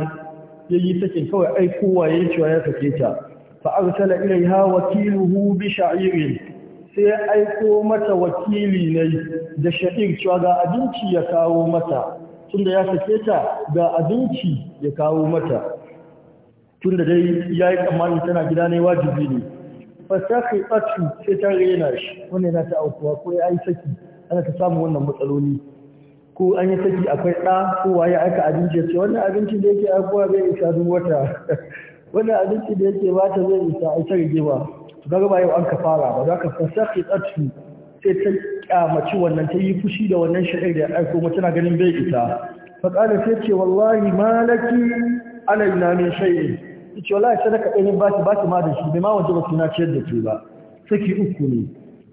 yi sakin kawai ai kowa yi cewa ya sake ta fa arsala ilaiha wakiluhu bi sha'irin sai aiko mata wakili ne da sha'ir cewa ga abinci ya kawo mata tunda ya sake ta ga abinci ya kawo mata tunda dai yayi tsammanin tana gida ne wajibi ne fasaki tsatu sai ta rena shi wannan na ta aukuwa ko ya yi saki ana ta samu wannan matsaloli ko an yi saki akwai ɗa ko waye aka abinci ce wannan abincin da yake aikowa zai isa duk wata wannan abinci da yake ba ta zai isa a ita rigima to kaga ba yau an ka fara ba za ka fasaki tsatu sai ta kyamaci wannan ta yi fushi da wannan shaɗar da ya aiko mata tana ganin bai isa faƙada sai ce wallahi malaki alaina min shay'in ce wallahi sadaka ɗani ba ki ba ki ma da shi bai ma waje ba ki na ciyar da ke ba saki uku ne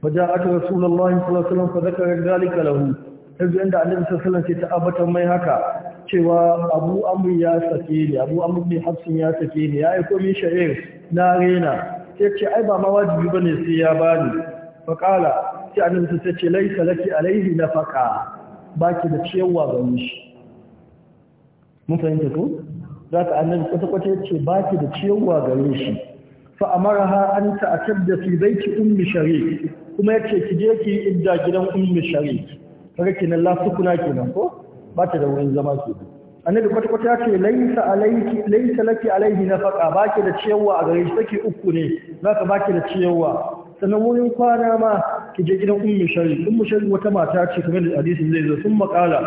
فجاءت رسول الله صلى الله عليه وسلم فذكر ذلك له yanzu yadda annabi sallallahu ce ta tabbatar mai haka cewa Abu Amr ya sake ni Abu Amr ne Hafsin ya sake ni ya yi komai sha'ir na rena sai ce ai ba ma wajibi ne sai ya bani fa qala sai annabi ce lai salaki a laihi na faƙa. Ba ki da ciyarwa ga shi mun fahimta ko za ka annabi kwata-kwata ya ce ba ki da ciyarwa gare shi mara ha an ta'atar da fi zai ki ummi shari kuma ya ce ki je ki idda gidan ummi shari kaga kenan la kenan ko ba ta da wurin zama ke annabi kwata kwata ya ce laisa alayki laisa laki alayhi nafaqa da ciyawa a gare shi take uku ne zaka baki da ciyawa sannan wurin kwana ma ki je gidan ummu shari ummu shari wata mata ce kamar da hadisin zai zo sun makala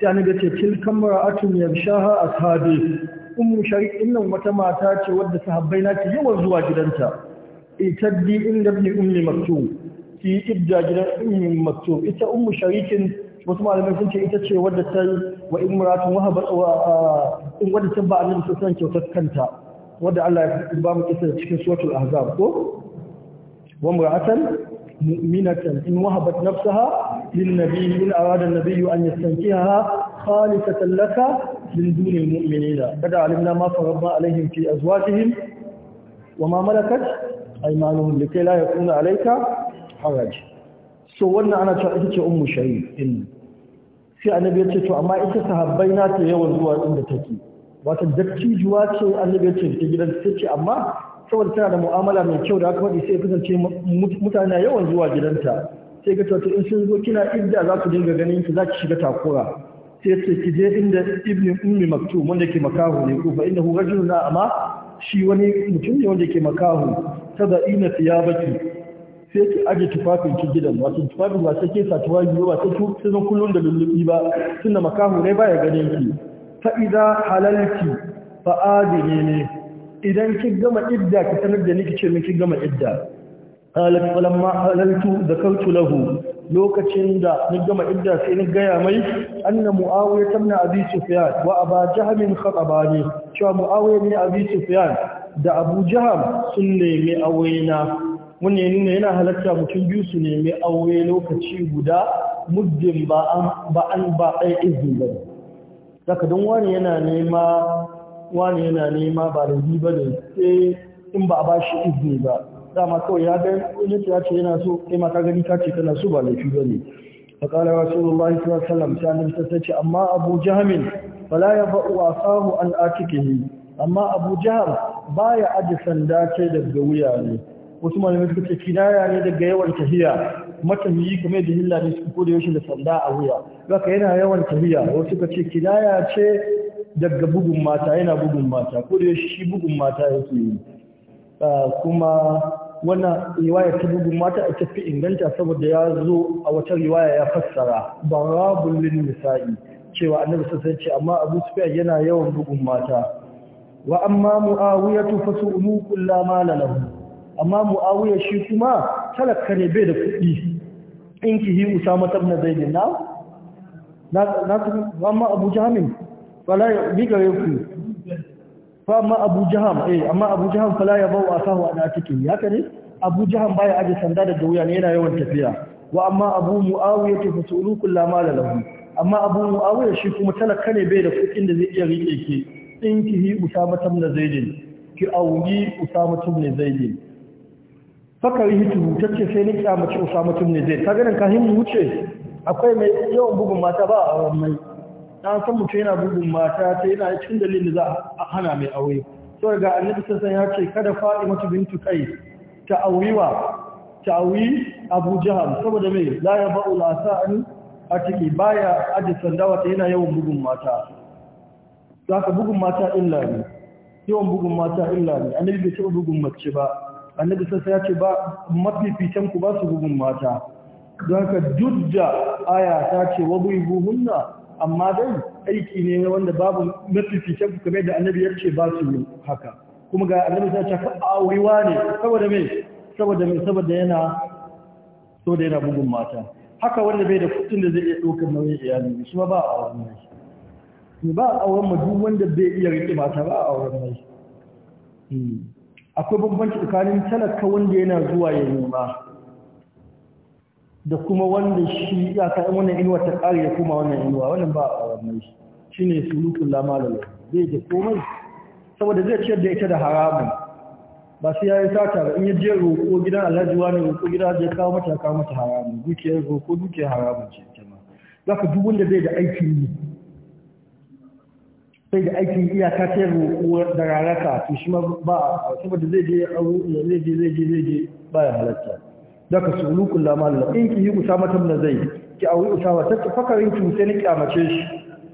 sai annabi ya ce tilkan mar'atun yamshaha ashabi ummu shari innan wata mata ce wadda sahabbai na ke yawan zuwa gidanta itaddi inda ibn ummi maktub Ki yi idda gidan ummin maktub ita ummu sharikin wasu malamai sun ce ita ce wadda ta yi wa imratun wahaba in wadda ta ba annabi sallallahu alaihi kyautar kanta wadda Allah ya ba mu kisa cikin suratul ahzab ko wa imra'atan mu'minatan in wahabat nafsaha lin nabiy in arada an-nabiy an yastankihaha khalisatan laka min dunil mu'minina kada alimna ma farabba alaihim fi azwajihim wa ma malakat aymanuhum likay la yakuna alayka haraji so wannan ana cewa ita ce ummu shayi din sai annabi ya ce to amma ita sahabbai na ta yawan zuwa inda take wato dattijuwa ce annabi ya ce ta gidan ta ce amma saboda tana da mu'amala mai kyau da aka faɗi sai kasance mutane yawan zuwa gidanta sai ka to in sun zo kina idda za ku dinga ganin ki za ki shiga takura sai ce ki je inda ibn ummi maktum wanda ke makahu ne kufa fa innahu rajulun amma shi wani mutum ne wanda ke makahu taba'ina thiyabaki sai ki aje tufafin ki gidan wato tufafin ba sai ke sa tufafi ba sai ki zan kullun da lullubi ba tunda makahu ne baya ganin ki fa idza halalti fa adini idan ki gama idda ki sanar da ni ki ce min ki gama idda qalat falamma halaltu zakartu lahu lokacin da ni gama idda sai ni gaya mai anna muawiya tamna abi sufyan wa aba jahm khatabani cewa muawiya ne abi sufyan da abu sun nemi awaina mun ne nuna yana halatta mutum biyu su nemi aure lokaci guda muddin ba an ba ɗaya izini ba daga don wani yana nema wani yana nema ba da ba ne sai in ba a ba shi izini ba dama kawai ya ga wani ya ce yana so kai ma ka gani ka ce kana so ba laifi ba ne fa qala rasulullahi sallallahu alaihi wasallam sai annabi ta ce amma abu jahmin fala yaba'u asahu an atikihi amma abu ba baya aji sanda ce daga wuya ne wasu malamai suka ce kinaya ne daga yawan tahiya yi kamar da hilla ne suka koda yaushe da sanda a wuya zaka yana yawan tahiya wasu suka ce kinaya ce daga bugun mata yana bugun mata ko da shi bugun mata yake yi ah, kuma wannan riwaya ta bugun mata a tafi inganta saboda ya zo a wata riwaya ya fassara barabul lil nisa'i cewa annabi sai ce amma Abu Sufyan yana yawan bugun mata wa amma Muawiyatu fa kullama lahu amma mu'awiyar shi kuma talaka ne bai da kuɗi in ki hi usama tabna zaidin na na kuma amma abu jahamin fala ya bi gare ku fa amma abu jaham eh amma abu jaham fala ya bau asahu ana cikin ya kare abu jaham baya aje sanda da wuya ne yana yawan tafiya wa amma abu mu'awiyar ta fasulu kullama la lahu amma abu mu'awiyar shi kuma talaka ne bai da kuɗin da zai iya rike ki in ki hi usama na zaidin ki auni usama na zaidin fakar hitu ta ce sai ni mace usa tun ne zai ta ganin kahin wuce akwai mai yawan bugun mata ba a mai na san mutum yana bugun mata ta yana cikin dalilin za a hana mai aure so daga annabi sassan ya ce kada fa'imatu bintu kai ta auriwa ta auri abu jahal saboda mai la ya ba'u lasa'ani a ciki baya aji sandawa ta yana yawan bugun mata za ka bugun mata illa ne yawan bugun mata illa ne annabi bai taɓa bugun mace ba annabi sassa ya ce ba mafificen ku ba su bugun mata don haka duk da aya ta ce wa buhunna amma dai aiki ne wanda babu mafificen ku kamar da annabi ya ce ba su haka kuma ga annabi ta ce auriwa ne saboda mai saboda mai saboda yana so da yana bugun mata haka wanda bai da kudin da zai iya ɗaukar nauyin iyali shi ba ba a auren mai ba a auren ma duk wanda bai iya riƙe mata ba a auren mai hmm. akwai bambanci tsakanin talaka wanda yana zuwa ya nema da kuma wanda shi ya kai wannan inuwa ta ƙari ya kuma wannan inuwa wannan ba a wannan shi shine lamarin lamalala zai da komai saboda zai ciyar da ita da haramun ba sai ya yi sata ba in ya je roƙo gidan alhaji wani roƙo gidan zai kawo mata kawo mata haramun dukiyar roƙo dukiyar haramun ce ta ma za ka duk wanda zai da aikin yi sai da aikin iyaka ta roƙo da raraka to shi ma ba da zai je aro zai je zai je zai je ba ya halatta daga sulukul lamal in ki yi usama tan da zai ki auri usama ta fakarin ki sai ni kyamace shi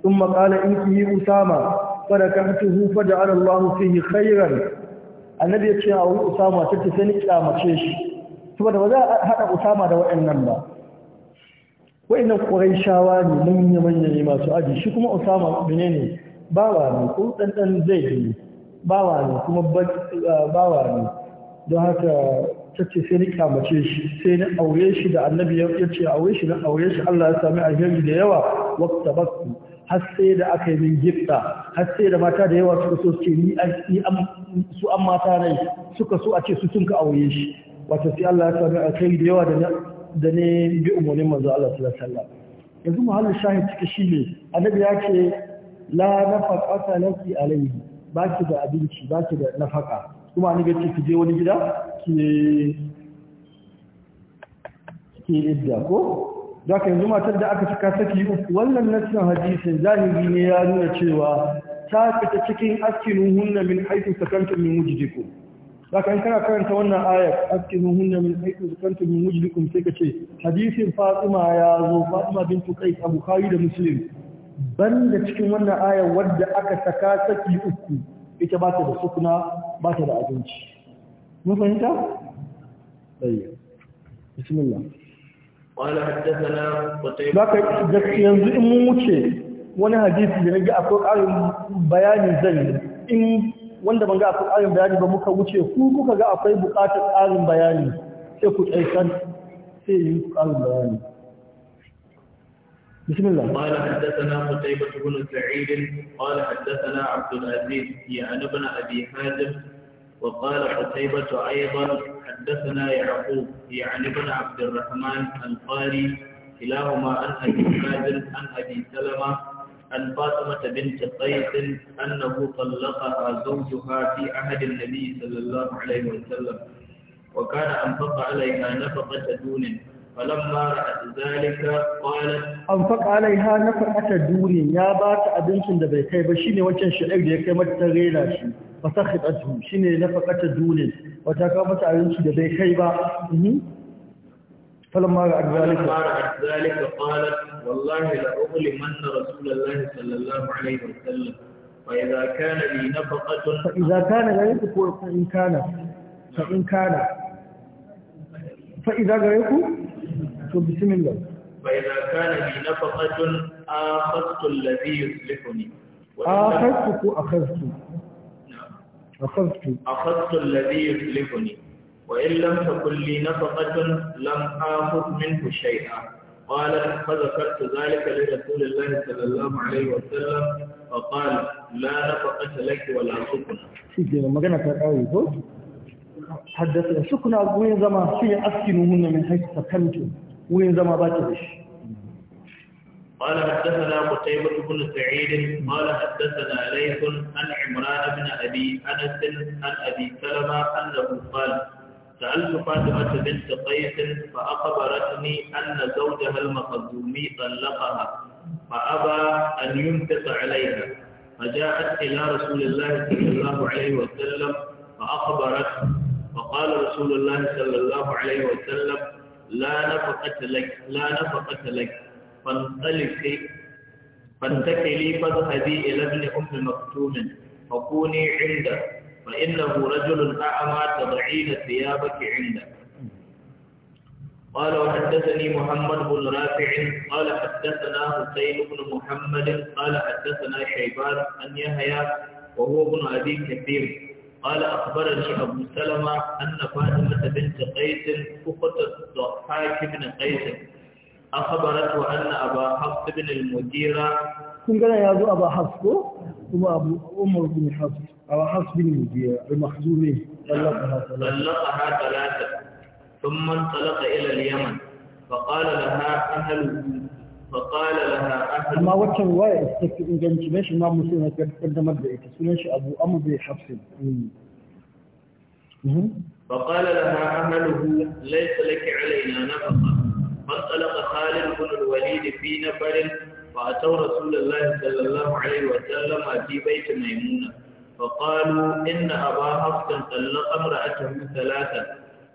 in maqala in ki yi usama kan fadakatuhu faja'ala Allahu fihi khairan annabi ya ce auri usama ta sai ni kyamace shi saboda ba za a hada usama da waɗannan ba waɗannan quraishawa ne manya manya ne masu aji shi kuma usama menene ne bawa ne ko ɗanɗan zai ne bawa ne kuma bawa ne don haka ta ce sai ni kamace shi sai na aure shi da annabi ya ce aure shi na aure shi Allah ya sami alheri da yawa waqta bakku har sai da aka yi min gifta har sai da mata da yawa suka so ce ni su an mata rai suka so a ce su sun ka aure shi wato sai Allah ya sami alheri da yawa da ne bi umarnin manzo Allah sallallahu alaihi wasallam yanzu muhallin shahid ciki shine annabi ya ce la nafaqata laki alayhi baki da abinci baki da nafaka kuma ni gace ki je wani gida ki ki idda ko zaka yanzu matar da aka cika saki wannan nassin hadisin zahiri ne ya nuna cewa ta fita cikin hunna min haythu sakantum min wujdikum da in kana karanta wannan ayat hunna min haythu sakantum min wujdikum sai ka ce hadisin Fatima ya zo Fatima bintu Qais Abu Khari da Muslim banda cikin wannan ayar wadda aka saka saki uku ita ba ta da sukuna ba ta da abinci mun fahimta ayya bismillah wala haddathana qutayba baka yanzu in mun wuce wani hadisi da nake akwai ƙarin bayani zan in wanda ban ga akwai ƙarin bayani ba muka wuce ku kuka ga akwai buƙatar ƙarin bayani sai ku tsaitan sai yi ƙarin bayani بسم الله قال حدثنا قتيبة بن سعيد قال حدثنا عبد العزيز يعني ابن أبي حازم وقال قتيبة أيضا حدثنا يعقوب يعني ابن عبد الرحمن القاري كلاهما عن أبي حازم عن أبي سلمة عن فاطمة بنت قيس أنه طلقها زوجها في عهد النبي صلى الله عليه وسلم وكان أنفق عليها نفقة دون فلما رأت ذلك قالت أنفق عليها نفقة دوري يا بات أبنتن دا بيكاي بشيني وانشان شعيب دي كي متغيلا شي فسخطته شيني نفقة دوري وتاكامت أبنتن دا بيكاي با فلما رأت ذلك فلما رأت ذلك قالت والله لأظلمن رسول الله صلى الله عليه وسلم فإذا كان لي نفقة فإذا كان لا يذكر فإن كان فإن كان فإذا غيركم بسم الله فإذا كان لي نفقة آخذت الذي يسلفني آخذتك أخذت نعم. أخذت أخذت الذي يسلفني وإن لم تكن لي نفقة لم آخذ منه شيئا قالت فذكرت ذلك لرسول الله صلى الله عليه وسلم فقال لا نفقة لك ولا سكن شكرا ما كانت الآية حدثنا سكن أبوين زمان في أسكنهن من حيث سكنتم وين زما باتش قال حدثنا قتيبة بن سعيد قال حدثنا ليث عن عمران بن أبي أنس عن أبي سلمة أنه قال سألت فاطمة بنت قيس فأخبرتني أن زوجها المخزومي طلقها فأبى أن ينفق عليها فجاءت إلى رسول الله صلى الله عليه وسلم فأخبرته فقال رسول الله صلى الله عليه وسلم لا نفقة لك لا نفقة لك فانطلقي فانتقلي فاذهبي إلى ابن أم مكتوم فكوني عنده فإنه رجل أعمى تضعين ثيابك عنده قال وحدثني محمد بن رافع قال حدثنا حسين بن محمد قال حدثنا شيبان أن يهيا وهو ابن أبي كثير قال أخبرني أبو سلمة أن فاطمة بنت قيس أخت الضحاك بن قيس أخبرته أن أبا حفص بن المديرة كن قال يا أبو أبا حفص ثم أبو أمر بن حفص أبا حفص بن المديرة المخزومي طلقها ثلاثة طلقها ثلاثة ثم انطلق إلى اليمن فقال لها أهله فقال لها أهل ما وكر رواية استكتب إن جانت ليش ما مسلمة تقدم البيت سنش أبو أمر بحفص فقال لها أهله ليس لك علينا نفقة فانطلق خالد بن الوليد في نفر فأتوا رسول الله صلى الله عليه وسلم في بيت ميمونة فقالوا إن أبا حفص طلق امرأته ثلاثة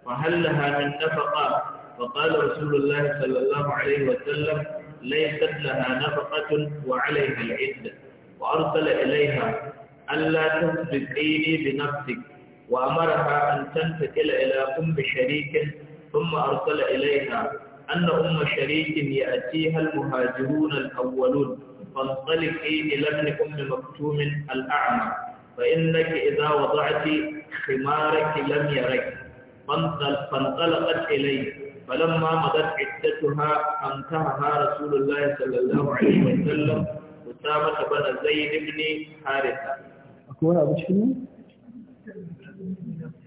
فهل لها من نفقة فقال رسول الله صلى الله عليه وسلم ليست لها نفقة وعليها العدة وأرسل إليها ألا تسبقيني بنفسك وأمرها أن تنتقل إلى أم شريك ثم أرسل إليها أن أم شريك يأتيها المهاجرون الأولون فانطلقي إلى ابن أم مكتوم الأعمى فإنك إذا وضعت خمارك لم يرك فانطلقت إليه فلما مضت عدتها أنتهها رسول الله صلى الله عليه وسلم أسامة بن زيد بن حارثة أكون أبو شنو؟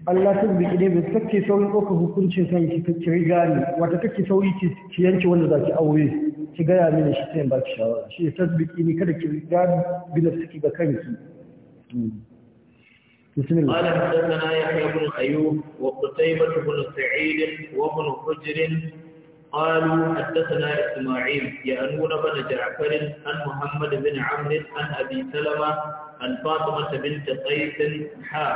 Allah ta zubi ne bai kake saurin ɗaukar hukuncin kan ki ki rigari wata kake sauri ki yanke wanda za ki aure ki gaya mini shi sai ba baki shawara shi ta zubi ne kada ki rigari bila suke ga kanki بسم الله قال حدثنا يحيى بن ايوب وقتيبة بن سعيد وابن حجر قالوا حدثنا اسماعيل يأنون بن جعفر عن محمد بن عمرو عن ابي سلمة عن فاطمة بنت قيس حا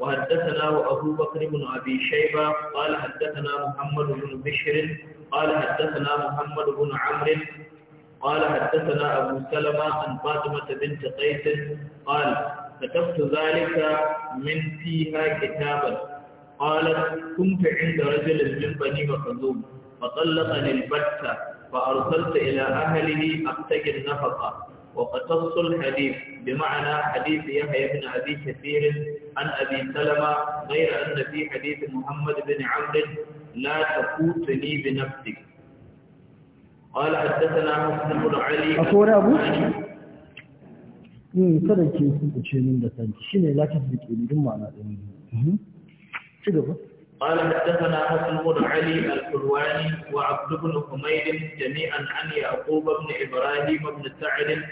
وحدثنا وابو بكر بن ابي شيبة قال حدثنا محمد بن بشر قال حدثنا محمد بن عمرو قال حدثنا ابو سلمة عن فاطمة بنت قيس قال كتبت ذلك من فيها كتابا قالت كنت عند رجل من بني مخزوم فطلقني البتة فأرسلت إلى أهله أبتغي النفقة وقتص الحديث بمعنى حديث يحيى بن أبي كثير عن أبي سلمة غير أن في حديث محمد بن عمرو لا تفوتني بنفسك قال حدثنا مسلم بن علي أخونا أبو yin kada ke kuɓuce min da kanki shi ne za ki fi ƙirin ma'ana ɗin ne ci gaba قال حدثنا حسن بن علي الحلواني وعبد بن حميد جميعا عن يعقوب بن ابراهيم بن سعد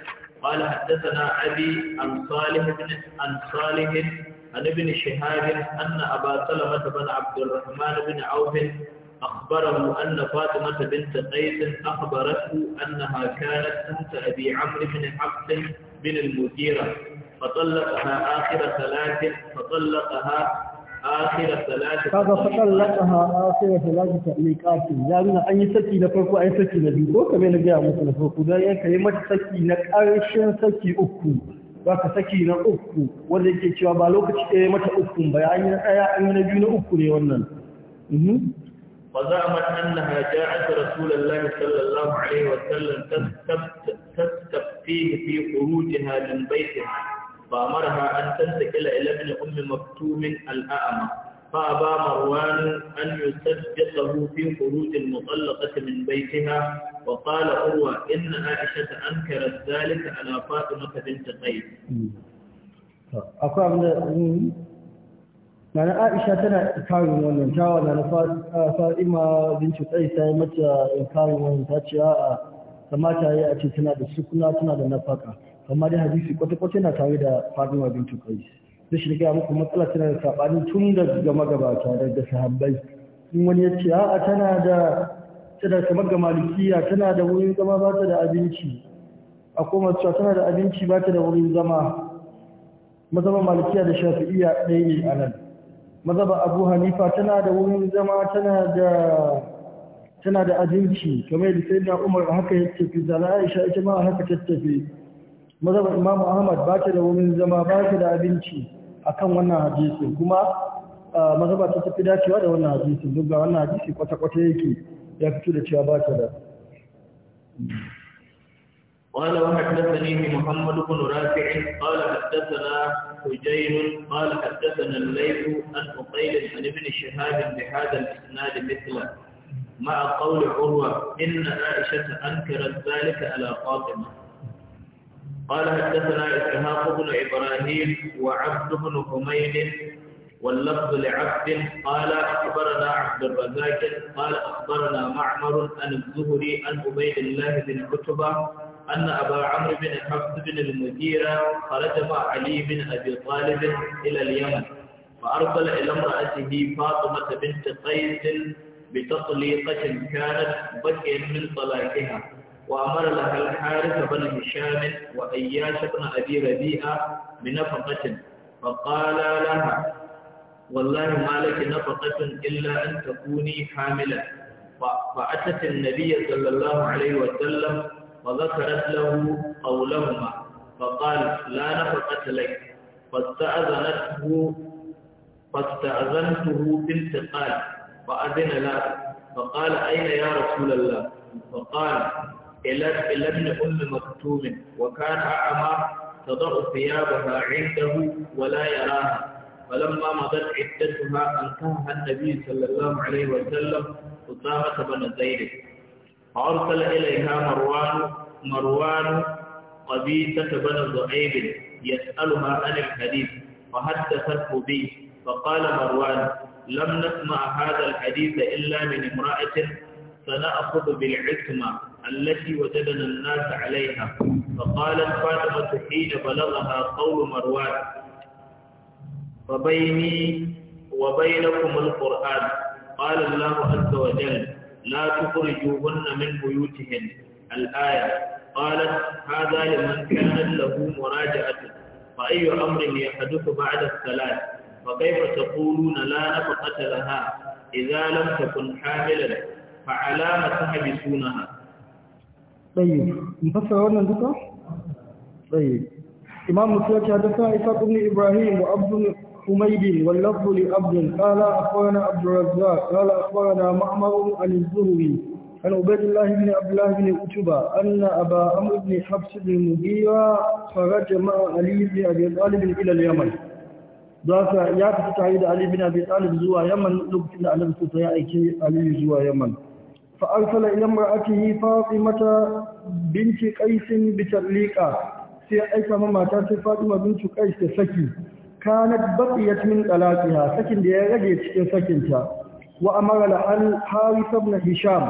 قال حدثنا ابي عن صالح بن عن صالح عن ابن شهاب ان ابا سلمه بن عبد الرحمن بن عوف أخبره أن فاطمة بنت قيس أخبرته أنها كانت تحت أبي عمرو بن حفص بن المديرة فطلقها آخر ثلاث فطلقها آخر ثلاث هذا فطلقها آخر ثلاث تعليقات زامنا أن يسكي لفرقو أي سكي لديكو كما نجا مثل فرقو دايا كلمة سكي نكارشن سكي أكو baka saki na uku wanda yake cewa ba lokaci ɗaya mata uku ba ya yi na ɗaya an yi na biyu na uku ne wannan وزعمت أنها جاءت رسول الله صلى الله عليه وسلم تستفتيه في خروجها من بيتها فأمرها أن تنتقل إلى ابن أم مكتوم الأعمى فأبى مروان أن يصدقه في خروج المطلقة من بيتها وقال أروى إن عائشة أنكرت ذلك على فاطمة بنت قيس. أقام Nana Aisha tana ikarin wannan tawa na fa'ima binci Qais ta yi mata ikarin wannan ta ce kama ta ya a ce tana da sukuna tana da nafaka kama dai hadisi kwata-kwata na tare da Fatima binci Qais da shi ga muku matsala tana da sabani tun da gama gabata daga sahabbai in wani ya ce a'a tana da tana kamar ga malikiya tana da wurin zama ba ta da abinci a koma cewa tana da abinci ba ta da wurin zama mazama malikiya da shafi'iya ɗaya ne a nan Mazaba abu hanifa tana da wurin zama tana da tana da abinci kamar da sayyidina umar haka ya tafi zana aisha ita ma haka ta tafi mazhaba imam ahmad ba ta da wurin zama ba ta da abinci akan wannan hadisi kuma mazhaba ta tafi dacewa da wannan hadisi duk ga wannan hadisi kwata-kwata yake ya fito da cewa ba ta da قال وحدثني محمد بن رافع قال حدثنا حجير قال حدثنا الليث عن عقيل عن ابن شهاب بهذا الاسناد مثله مع قول عروه ان عائشه انكرت ذلك على فاطمه قال حدثنا اسحاق بن ابراهيم وعبد بن حميد واللفظ لعبد قال أخبرنا عبد الرزاق قال أخبرنا معمر عن الزهري عن عبيد الله بن عتبة أن أبا عمرو بن حفص بن المديرة خرج مع علي بن أبي طالب إلى اليمن فأرسل إلى امرأته فاطمة بنت قيس بتطليقة كانت بكيا من طلاقها وأمر لها الحارث بن هشام وأياش بن أبي ربيعة بنفقة فقال لها والله ما لك نفقة إلا أن تكوني حاملة فأتت النبي صلى الله عليه وسلم وذكرت له قولهما فقال لا نفقة لك فاستأذنته فاستأذنته بالتقال فأذن له فقال أين يا رسول الله فقال إلى إلى ابن أم مكتوم وكان أعمى تضع ثيابها عنده ولا يراها فلما مضت عدتها أنكهها النبي صلى الله عليه وسلم أسامة بن زيد فأرسل إليها مروان مروان قبيسة بن ضعيب يسألها عن الحديث فحدثته به فقال مروان لم نسمع هذا الحديث إلا من امرأة سنأخذ بالعصمة التي وجدنا الناس عليها فقالت فاطمة حين بلغها قول مروان فبيني وبينكم القرآن قال الله عز وجل لا تخرجوهن من بيوتهن الآية قالت هذا لمن كانت له مراجعة فأي أمر يحدث بعد الثلاث وكيف تقولون لا نفقة لها إذا لم تكن حاملا فعلى ما تحبسونها طيب نفسر wannan duka طيب امام مسلم حدثنا اسحاق بن ابراهيم وعبد حميد واللفظ لأبد قال أخوانا عبد الرزاق قال أخوانا معمر عن الزهري عن عبيد الله بن عبد الله بن أتبة أن أبا عمرو بن حفص بن المغيرة خرج مع علي بن أبي طالب إلى اليمن ذاك يا فتعيد علي بن أبي طالب زوا يمن لبت على بسوط يا أيكي علي زوا يمن فأرسل إلى امرأته فاطمة بنت قيس بترليقة sai aika ma mata sai Fatima bintu Qais ta saki kanat baqiyat min talatiha sakin da ya rage cikin sakinta wa amara al harith ibn hisham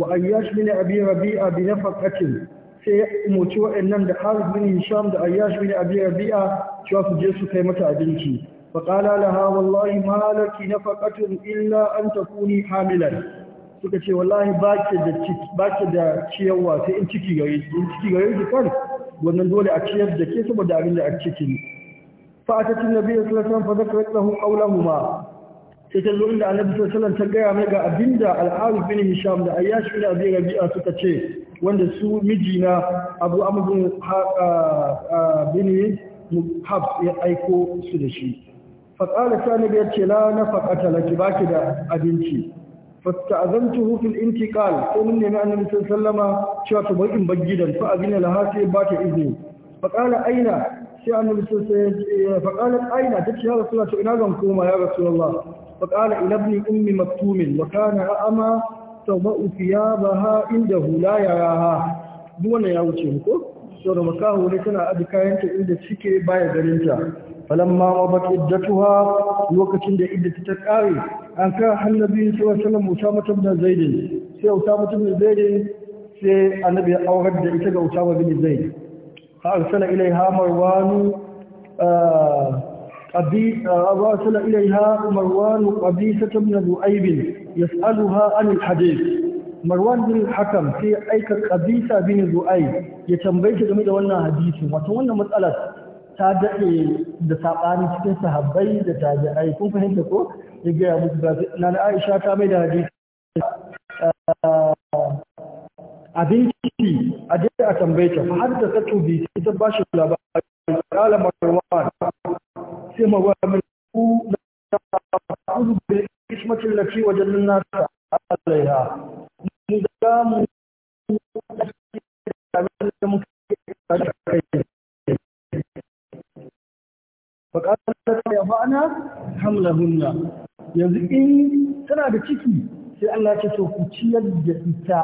wa ayyash min abi rabi'a bi nafaqatin sai umarci waɗannan da harith bin hisham da ayyash min abi rabi'a cewa su je su kai mata abinci fa qala laha wallahi ma laki nafaqatun illa an takuni hamilan suka ce wallahi ba ki da ciyarwa sai in ciki gare ki in ciki gare ki kan wannan dole a ciyar da ke saboda abin da a ciki فأتت النبي صلى الله عليه وسلم فذكرت له قولهما تتلو عند النبي صلى الله عليه وسلم تقيا ميقى أبندا الحارث بن هشام دا أياش بن أبي ربيعة تتشي وند سو مجينا أبو أمر بن بن حبس يأيكو سدشي فقال ثاني بيتشي لا نفقة لك باكي دا أبنتي فاستأذنته في الانتقال ومن أن النبي صلى الله عليه وسلم شاف بيئن بجدا فأذن لها سيبات إذنه فقال أين sai annabi sai aina ta ya rasulullah to ina zan koma ya rasulullah fa qala ila ummi maktumin wa kana ama tawba'u ma'ufi ya, ba ha, inda hula ya wuce ko saboda makaho ne tana aji kayanta inda suke baya garinta falamma wabat iddatuha lokacin da iddata ta kare an ka annabi sallallahu alaihi wuta mata ibn Zaid sai mata ibn Zaid sai annabi ya aurar da ita ga Usama ibn Zaid فأرسل إليها مروان أرسل إليها مروان قبيسة بن ذؤيب يسألها عن الحديث Marwan bin Hakam sai ya aika Qabisa bin Zu'ai ya tambaye shi game da wannan hadisin wato wannan matsalar ta daɗe da sabani cikin sahabbai da tabi'ai kun fahimta ko ya ga musu na Aisha ta mai da hadisi abinci a je a tambaye ta har da ta tubi ta ba shi labarin kala marwan sai magwa min ku da ku bi kismatin lati wajen nan ta alaiha mu da mu da ta yi ya fa'ana hamlahunna yanzu in tana da ciki sai Allah ce to ku ciyar da ita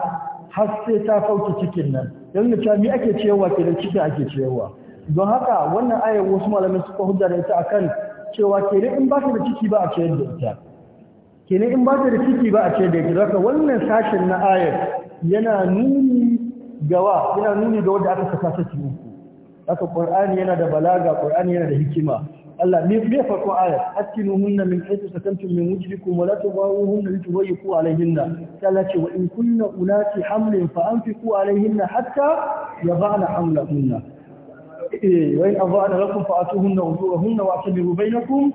har sai ta sauke cikin nan don da ake cewa ke da ciki ake cewa don haka wannan ayar wasu malamai suka hujja da ita akan cewa kene in ba ta da ciki ba a ciyar da ita kene in ba ta da ciki ba a ciyar da ita zaka wannan sashen na ayar yana nuni ga wa yana nuni ga wanda aka saka saki uku haka qur'ani yana da balaga qur'ani yana da hikima Allah ne bai farko aya atinuhunna min haythu sakantum min wujdikum wa la tudaruhunna litubayyiqu alayhinna Allah ce wa in kunna ulati hamlin fa anfiqu alayhinna hatta yadana hamlahunna eh wa in adana lakum fa atuhunna ujurahunna wa atabiru bainakum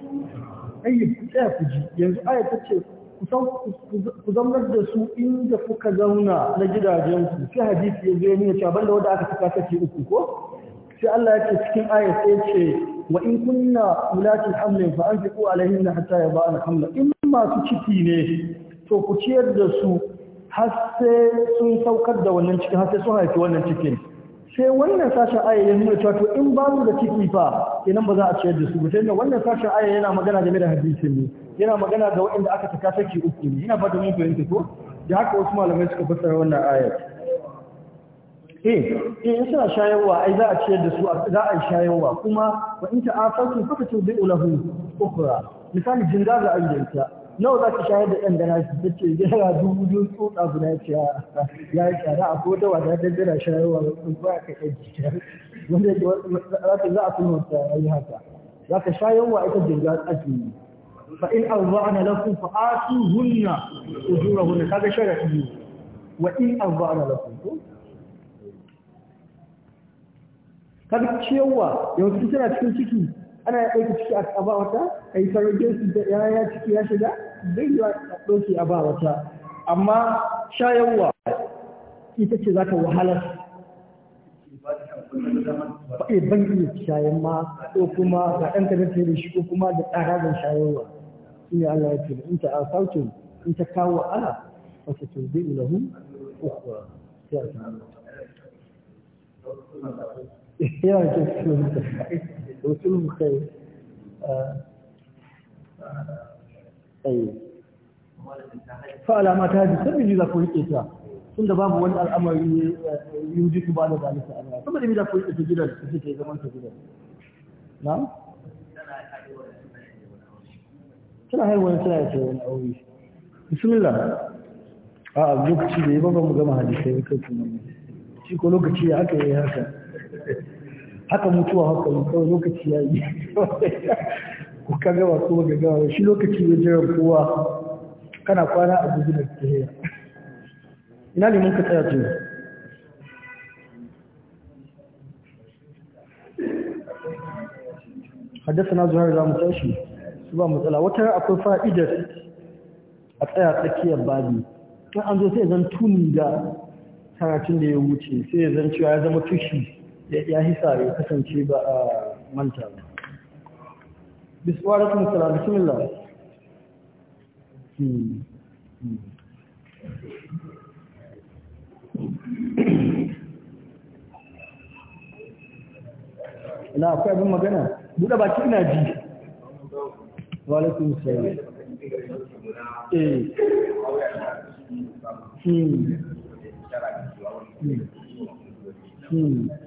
ayyub ta kuji yanzu aya ce ku zaunar da su inda kuka zauna na gidajensu sai hadisi ya zo ne ya ce abinda wanda aka saka kace uku ko sai Allah ya cikin aya sai ce wa in kunna ulati hamlin fa anfiqu alaihim hatta yaba'ana hamla in masu ciki ne to ku ciyar da su har sai sun saukar da wannan cikin har sai sun haifi wannan cikin sai wannan sashen aya ya nuna cewa to in su da ciki fa kenan ba za a ciyar da su ba sai wannan sashen aya yana magana game da hadisin ne yana magana ga waɗanda aka taka saki uku ne yana da mun fahimta ko da haka wasu malamai suka fassara wannan ayar إيه إن شاء شايوا إذا أشيد سوا إذا أشايوا كما وإنت عارف فكتب له أخرى مثال جندار عندنا نو ذاك شاهد أن جناس بتشي جهاد دوجو صوت أبناء يا يا شارع أبوه وهذا جدار شايوا وباك إيش من لا تلا أسمه أيها كا ذاك شايوا إذا جندار أجمع فإن أرضعنا لكم فآتوهن أجورهن هذا شرعي وإن أرضعنا لكم kaga cewa yanzu tana cikin ciki ana ya ɗauki ciki a ba wata a yi su da ya ciki ya shiga zai yi ɗauki a ba amma shayarwa ita ce za ta wahalar e ban iya shayar ma ko kuma ga ɗan kadan da shi ko kuma da ɗara da shayarwa ya Allah ya ce in ta asautu in ta kawo ala fa ta tuzi lahu ukhra sai ta yawan ke da kai sulhun kai tsaye fa'ala mata ji sabbi za ku rike ta tunda babu wani al'amari yin ku ba da zalika a saboda me za ku rike ta gidan da ce ta zaman ta gidan na tana haihuwa tana yake wani aure bismillah a lokaci da ya ba mu gama hadisai kai kuma shi ko lokaci ya aka yi haka haka mutuwa haka kawai lokaci ya yi ku ka gawa ko ga gawa shi lokaci ya jiran kowa kana kwana a gudunar tahiya ina ne ka tsaya tuni za mu بن su ba matsala wata akwai fa'idar a tsaya tsakiyar babi ta an zo sai zan tuni da karatun da ya wuce sai zan cewa ya zama tushi ya hisa ya kasance ba a manta ba biswaratun sala bismillah ina akwai abin magana buɗe baki ina ji Walakun sai eh hmm hmm, hmm.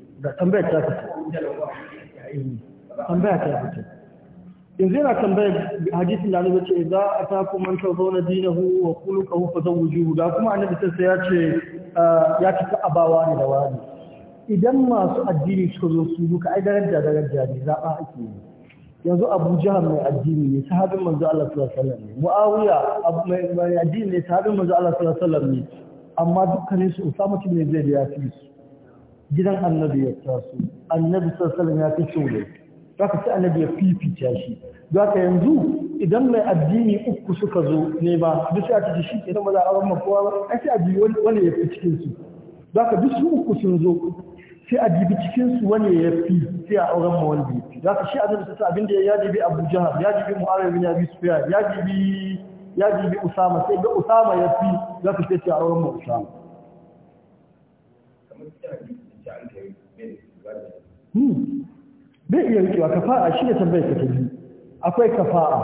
da ta fito tambaya ta fito yanzu yana tambayar hadisin da annabi ce za a ta ku man tawzauna dinahu wa khuluquhu fa da kuma annabi sai ya ce ah, ya ci abawa ne da wani idan masu addini suka zo su duka ai daraja daraja ne a ake yi yanzu abu Jahal mai addini ne sahabin manzo Allah sallallahu alaihi wasallam ne abu mai addini ne sahabin manzo Allah sallallahu alaihi wasallam ne amma dukkanin su usama ibn zaid ya fi su gidan annabi ya taso annabi sallallahu ya fi shule zaka ci annabi ya fifita shi zaka yanzu idan mai addini uku suka zo ne ba duk sai a ci shi idan ba za a auren makowa ba ai sai a bi wani ya fi cikin su zaka duk su uku sun zo sai a dibi cikin su wani ya fi sai a auren ma wani ya fi zaka shi annabi sallallahu abin da ya jibi Abu Jahal ya jibi Muawiya bin Abi Sufyan ya jibi ya jibi Usama sai ga Usama ya fi zaka sai a auren ma Usama Hmm. bai iya rikewa kafa'a shi ne tambayar ka tafi akwai kafa'a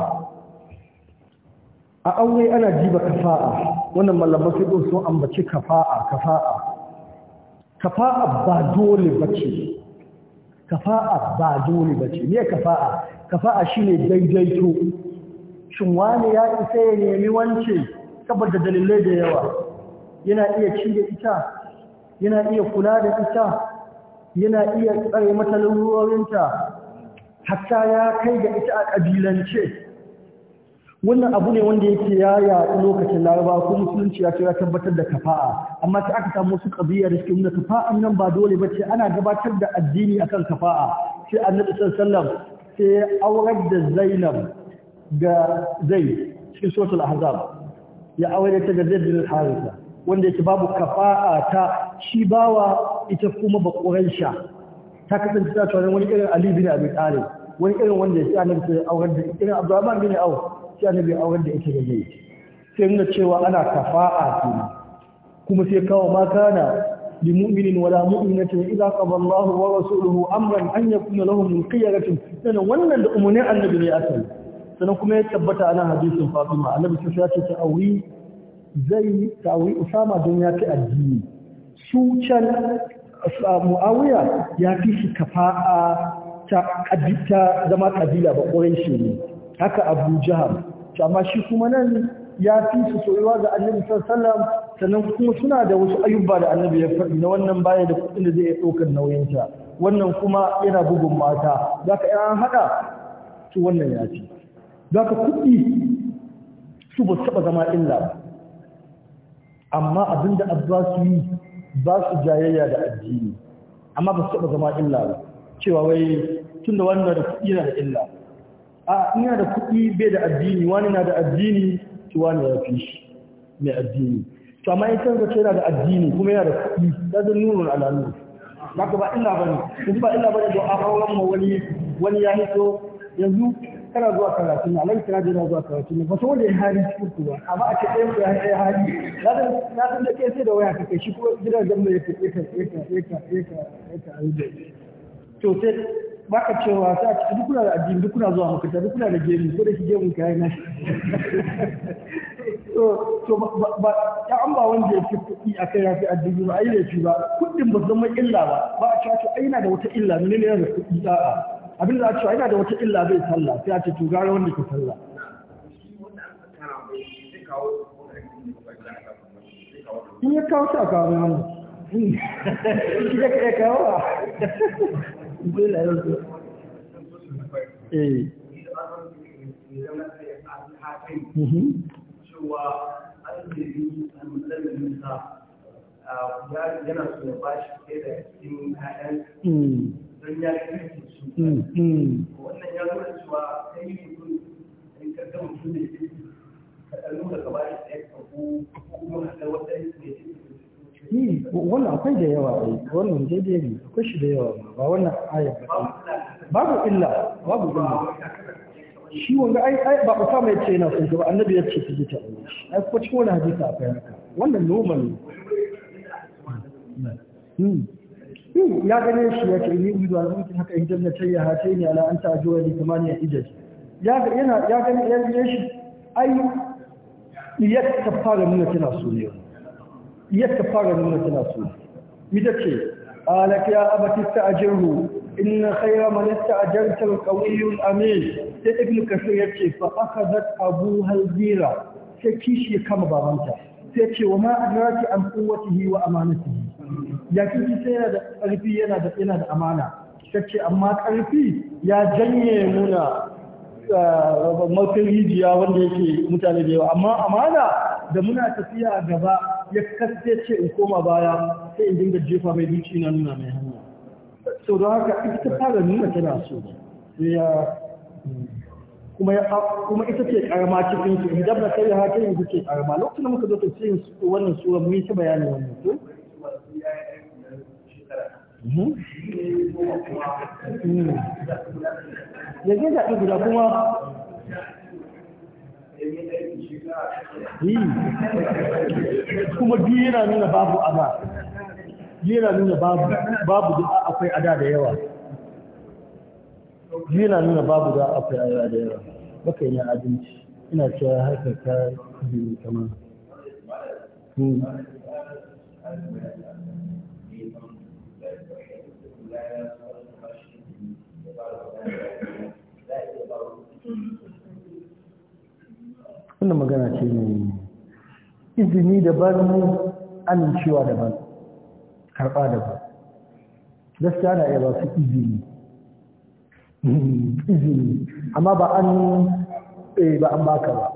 a aure ana jiba kafa'a wannan sai fiɗo sun ambaci kafa'a kafa'a kafa'a ba dole bace kafa'a ba dole bace me kafa'a kafa'a ne daidaito shin wani ya isa ya nemi wance saboda dalilai da yawa yana iya ci da ita yana iya kula da ita yana iya tsare mata lalurorinta hatta ya kai ga ita a kabilance wannan abu ne wanda yake ya yaɗu lokacin laraba ko musulunci ya ce ya tabbatar da kafa'a amma sai aka samu wasu ƙabiya da suke nuna kafa'an nan ba dole ba ce ana gabatar da addini akan kafa'a sai annabi sallallahu sai aurar da zainab da zai cikin suratul ahzab ya aure ta ga zaid bin wanda yake babu kafa'a ta shi bawa ita kuma ba sha. ta kasance ta tsoron wani irin Ali bin Abi Talib wani irin wanda ya annabi sai aurar da irin Abdurrahman bin Auf sai annabi aurar da ita gaje sai nuna cewa ana kafa'a kenan kuma sai kawo ma kana لمؤمن ولا مؤمنة إذا قضى الله ورسوله أمرا أن يكون لهم من خيرة لأنه ولن أمنع النبي أكل سنكم يتبت على حديث فاطمة ce ta auri. zai tawi usama don ya fi addini su can mu'awiya ya fi shi kafa'a ta zama kabila ba ƙorai shi ne haka abu jihar amma shi kuma nan ya fi su soyuwa ga annabi sallallahu sannan kuma suna da wasu ayyuba da annabi ya faɗi na wannan baya da kuɗin da zai ɗaukar nauyinta wannan kuma yana bugun mata za ka an haɗa Su wannan ya ce za ka kuɗi su ba su taɓa zama illa ba amma abinda abuwa su yi ba su jayayya da addini amma ba su taba zama illa ba cewa wai tun da wani na da kuɗi na da illa a ina da kuɗi bai da addini wani na da addini to wani ya fi shi mai addini to amma in canza ce yana da addini kuma yana da kuɗi ta zan nuna alamu ba ba illa ba ne ba illa ba ne don a wani wani ya hito yanzu kana zuwa karatu na nan kana jira zuwa karatu ne ba so wanda ya hali cikin kuwa amma a ce ɗaya ya ya hali na san da kai sai da waya kai shi kuma gidan gamma ya kake ka ka ka ɗaya ka auje to sai baka cewa sai a cikin duk kuna da addini duk kuna zuwa makaranta duk kuna da gemu ko da shi gemun kai na shi to ba ya an ba wanda ya fi kuɗi a kai ya fi addini ba ba kuɗin ba zama illa ba ba a cewa to ai na da wata illa menene yana da kuɗi a'a abin da ake yana da wata illa bai sallah sai a ce to gara wanda ke sallah in ya kawo sa kawo mai hannu shi da ka kawo a gula yau zo eh yana so ya ba shi da cikin don ya kirki wannan ya nuna cewa kai mutum in ka ga mutum ne ka nuna gaba da ɗaya ko kuma haɗa wata ne wannan akwai da yawa ai eh, wannan daidai ne akwai shi da yawa ba wannan ayar ba babu illa babu illa shi wanga ai ai ba kusa mai ce yana sun gaba annabi ya ce fiji ta Allah ai ko cikin wani hadisi a fahimta, wannan normal ne hmm. ya gane shi ya ce ni uzu azun ki haka idan na tayya hace ni ala anta ajuwa li kamani ya ijaz ya ga yana ya gane ya gane shi ai ya ta fara nuna tana so ne ya ta fara nuna tana so mi ce alaka ya abati ta'jiru in khayra man ta'jarta al-qawiyyu al-amin sai ibnu kasir ce fa akhadhat abu halbira sai kishi kama babanta sai ce wa ma adraki an quwwatihi wa amanatihi yakin sai yana da ƙarfi yana da yana da amana kacce amma ƙarfi ya janye muna eh, mafi rijiya wanda yake mutane da yawa amma amana da muna tafiya a gaba ya kasance ce in koma baya sai in dinga jefa mai duci na nuna mai hanya sau don haka ita ta fara nuna tana so ya kuma ita ce karama cikin su idan sai ya hakan yanzu ce karama lokacin da muka zo ta cikin wannan sura mun yi ta bayanin wannan to ya zai zaɓi guda kuma kuma biyu yana nuna babu ama biyu yana nuna babu da akwai ada da yawa biyu yana nuna babu da akwai ada da yawa baka yi na abinci ina cewa haka ta biyu kama wannan magana ce ne izini daban amincewa daban karɓa daban gaskiya na iya ba su izini hmm, izini amma ba an eh, ba an baka ba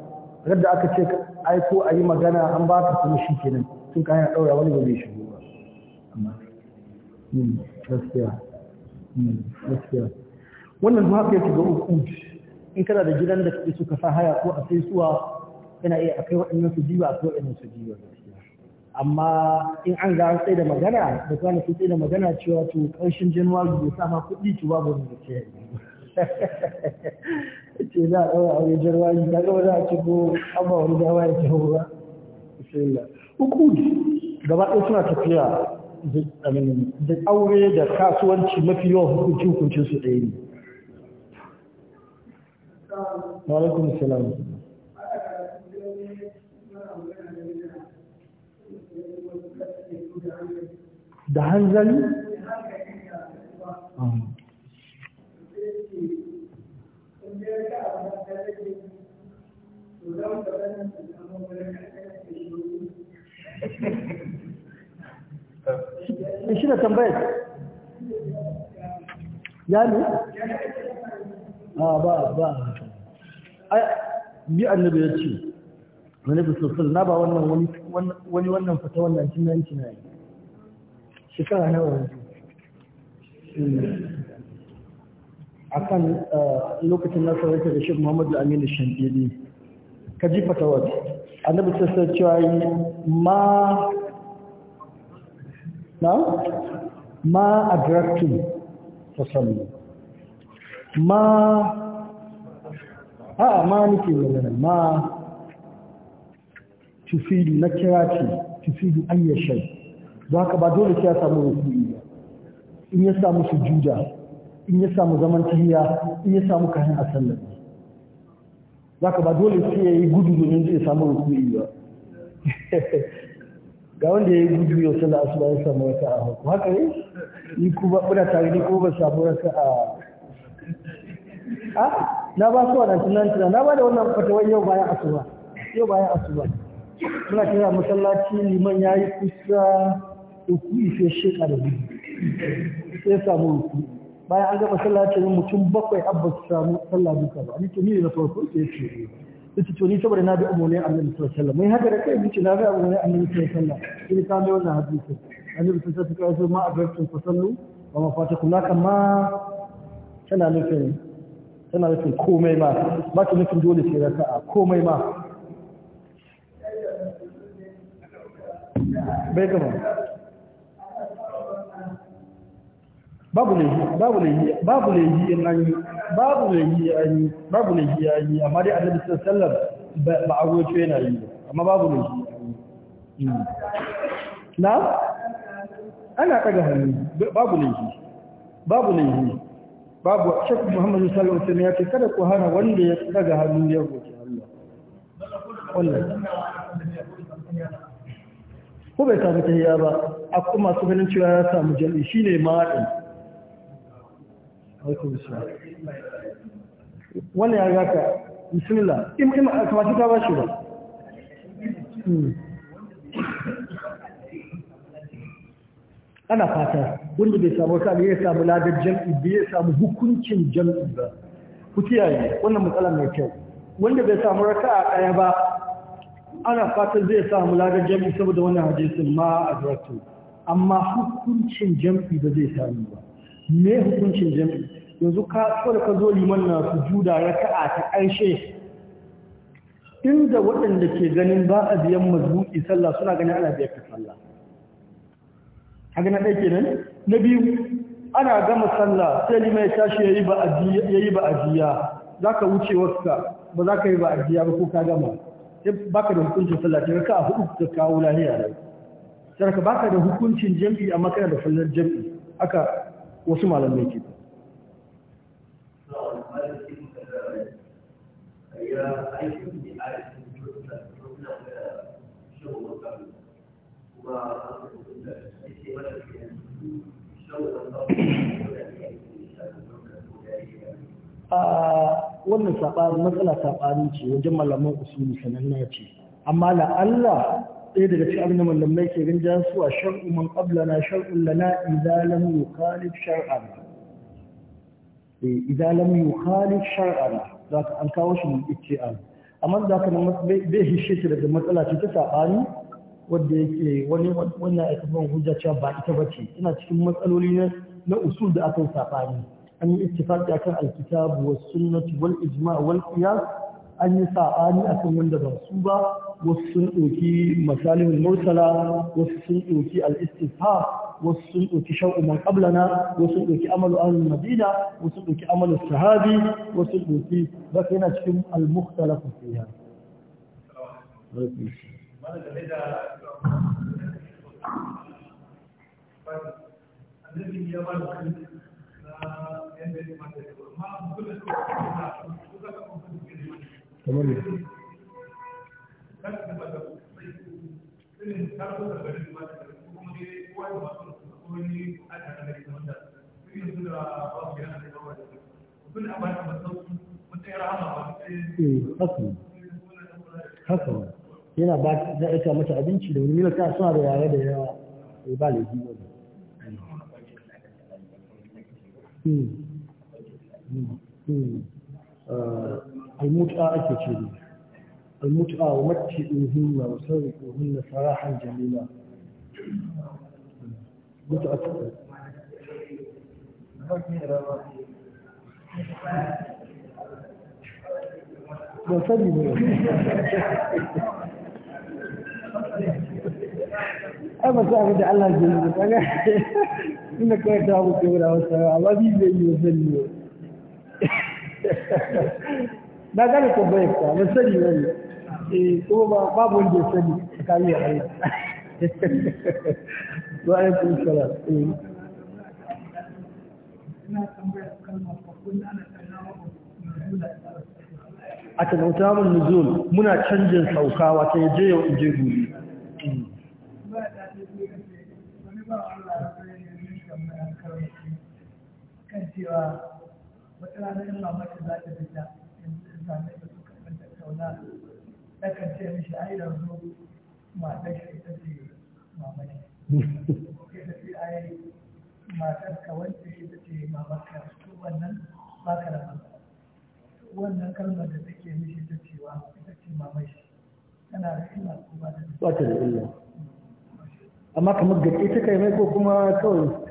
yadda aka ce aiko a yi magana an baka kuma shi kenan sun kayan ɗaura wani ba zai shigo ba amma hmm, gaskiya hmm, gaskiya wannan duk haka yake shiga uku in kana da gidan da kake suka sa haya ko a sai suwa yana iya akai waɗannan su jiwa ko waɗannan su jiba amma in an ga sai da magana da kana su sai da magana cewa to ƙarshen januwari bai sa ma kuɗi to babu da ke ce za a ɗaura aure januwari da ga wani a ce ko an ba wani dama ya kyau ba bismillah uku gaba ɗaya suna tafiya da aure da kasuwanci mafi yawan hukunci hukuncin su ɗaya ne Walaikun salam. Da hanzari? Ah. Eh, shi da tambayar ya ne? Ah, ba ba bi annabi ya ce annabi sosai na ba wannan wani wani wannan fata wannan cin nan cin nan shekara nawa yanzu akan eh, lokacin nasa wata da shi Muhammadu Aminu Shantili ka ji fata wata annabi sosai cewa ma na ma adraktum fasallu ma a ma nake magana ma tufidu na kira ce tufidu an ya shai za ka ba dole sai ya samu rukuni ba in ya samu sujuda in ya samu zaman tahiya in ya samu kayan a sallar za ka ba dole sai ya yi gudu domin zai samu rukuni ba ga wanda ya yi gudu yau sallar asuba ya samu wata a haku haka ne ni kuma kuna tare ni ko ba samu wata a ah? na ba su wadansu nan tuna na ba da wannan fatawar yau bayan asuba yau bayan asuba muna kira masallaci liman ya yi kusa uku ife shekara biyu sai samu uku bayan an sallaci masallacin mutum bakwai abba su samu sallah duka ba ni to ni na farko ke ce ita to ni saboda na bi umarni annabi sallallahu alaihi wasallam mai haka da kai bici na bi umarni annabi sallallahu alaihi wasallam in ka mai wannan hadisi annabi sallallahu alaihi wasallam ma abarkin ku sallu wa mafatakum laka ma tana nufin tana nufin komai ma ba ta nufin dole sai raka'a komai ma bai gama babu laihi babu yi babu laihi in an yi babu laihi yi an yi amma dai annabi sallallahu ba a goce yana yi amma babu laihi an hmm. na ana kaga hannu babu laihi babu laihi babu shakku muhammadu sallallahu alaihi wasallam ya ce kada ku hana wanda ya daga hannu ya roki Allah wallahi ko bai samu tahiya ba a kuma su ganin cewa ya samu jami'i shine ma'adin alaikum salam wannan ya ga ka bismillah in in kamata ta ba shi ba hmm. ana fata wanda bai samu wata ne ya samu ladar jam'i bai samu hukuncin jam'i ba ku kiyaye wannan matsala mai kyau wanda bai samu raka a ɗaya ba ana fata zai samu ladar jam'i saboda wannan hadisin ma a zartu amma hukuncin jam'i ba zai samu ba me hukuncin jam'i yanzu ka ka zo liman na sujuda raka'a ta ƙarshe inda waɗanda ke ganin ba a biyan mazmuki sallah suna ganin ana biyar ta sallah haka na ɗaya kenan na biyu ana gama sallah sai lima mai tashi ya yi ba'ajiya za ka wuce ka ba za ka yi ba'ajiya ba ko ka gama sai ka da hukuncin sallah ta raka a hudu ka kawo lahiya da ba ka da hukuncin jam'i amma kana da fallar jam'i aka wasu malamai ke ba. Thank you. wannan saɓari matsala saɓari ce wajen malaman usuli sananna ce amma na Allah ɗaya daga cikin abin da malamai ke rinjan su a shar'u man na shar'u lana idza lam yukhalif shar'an eh, idza lam yukhalif za ka an kawo shi mun an, amma zaka nan bai hishe shi daga matsala ce ta saɓari wadda yake wani wannan aka ban hujja cewa ba ita bace ina cikin matsaloli na na usul da aka safani an yi ittifaqi akan alkitab was sunnati wal ijma wal qiyas an yi sa'ani akan wanda ba su ba wasu sun ɗauki masalihun mursala wasu sun ɗauki al-istifham wasu sun ɗauki shar'u man qablana wasu sun ɗauki amalu ahlul madina wasu sun ɗauki amalu sahabi wasu sun ɗauki baka yana cikin al-mukhtalafu fiha kamar ne حسن حسن yana ba za a aika mata abinci da wani milka suna da yare da yawa ya ba laifi ba المتعة أكتشري المتعة ومتئوهن وسرقوهن سراحا جميلا متعة ban sani ne ai ba abin da Allah ke yi kaga inda kawai ta mutu guda wasu amma bi zai yi wasu ne na gane tambayar ka ban sani ba ne eh kuma babu wanda ya sani a kariyar Allah eh. wa alaikum a mun nuzul muna canjin saukawa ta yaje yau in je gobe kan cewa wata ranar in mamaki za ta fita in zane da suka kan tattauna ta kan ce mishi ai yanzu matar shi ta ce mamaki ke ta ce ai matar ka wanda shi ta ce mamaka ko wannan ba ka da wannan kalmar da take mishi ta cewa ita ce mamaki tana da illa ko ba ta da illa amma kamar gaske ta kai mai ko kuma kawai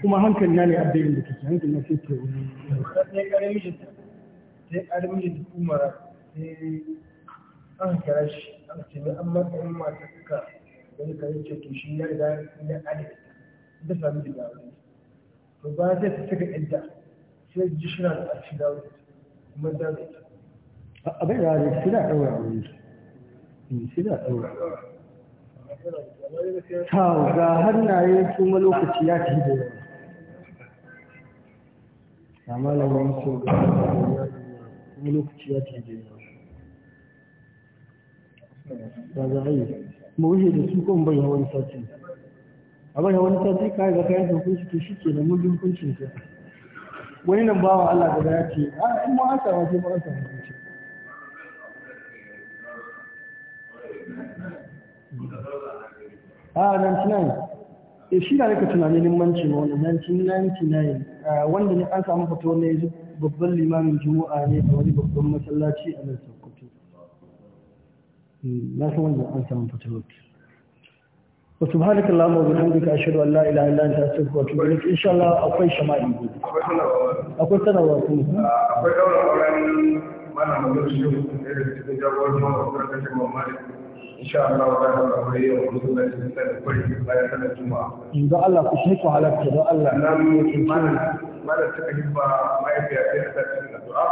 kuma hankali na ne abin da kake hankali na sai ke sai kare mijinta sai kare mijinta kuma sai an kira shi an ce mai da matsayin mata suka wani kare ce to shi ya riga ya kare da sami da gawa to ba zai ta saka yadda sai ji shina da a shiga kuma da zai ta abin hmm, da zai shi da ɗaura wani shi da ɗaura ta ga hannaye kuma lokaci ya ci da yawa amma na wani so ga wani lokaci ya canje ba za a yi mu wuce da su kan bai wani sati a bai wani sati ka ga kayan hukunci to shi ke da mulkin hukuncin ka wani nan bawa Allah gaba ya ce a ah, in ma an samu sai mu an samu hukunci a ah, nan tunan e shi na nika tunanin limanci ma eh, wanda 1999 wanda ne an samu fito ne babban limamin juma'a ne a wani babban masallaci a nan sokoto hmm, na san wanda an samu fito wa subhanaka allahumma wa bihamdika ashhadu an la ilaha illa anta astaghfiruka wa atubu ilaik insha Allah akwai shama'i akwai sanarwa kuma ah, akwai daura auren mana magana shi ne da cikin jagorancin wasu karkashin mamalik insha Allah za da in Allah ku shi ku halarta don Allah na mu yi mana mana suka himma mahaifiya sai cikin addu'a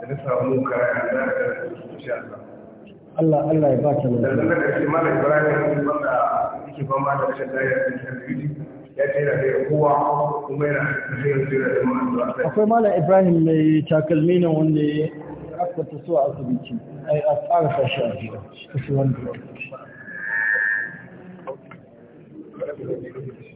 da na samu kayan da na insha Allah Allah Allah ya ba ta lafiya da daga cikin mana Ibrahim wanda yake da rashin lafiya da cikin ya ce da kai kowa kuma yana da addu'a akwai malam Ibrahim mai takalmi ne wanda aka so a asibiti ai a tsara sashi a gida kusa wanda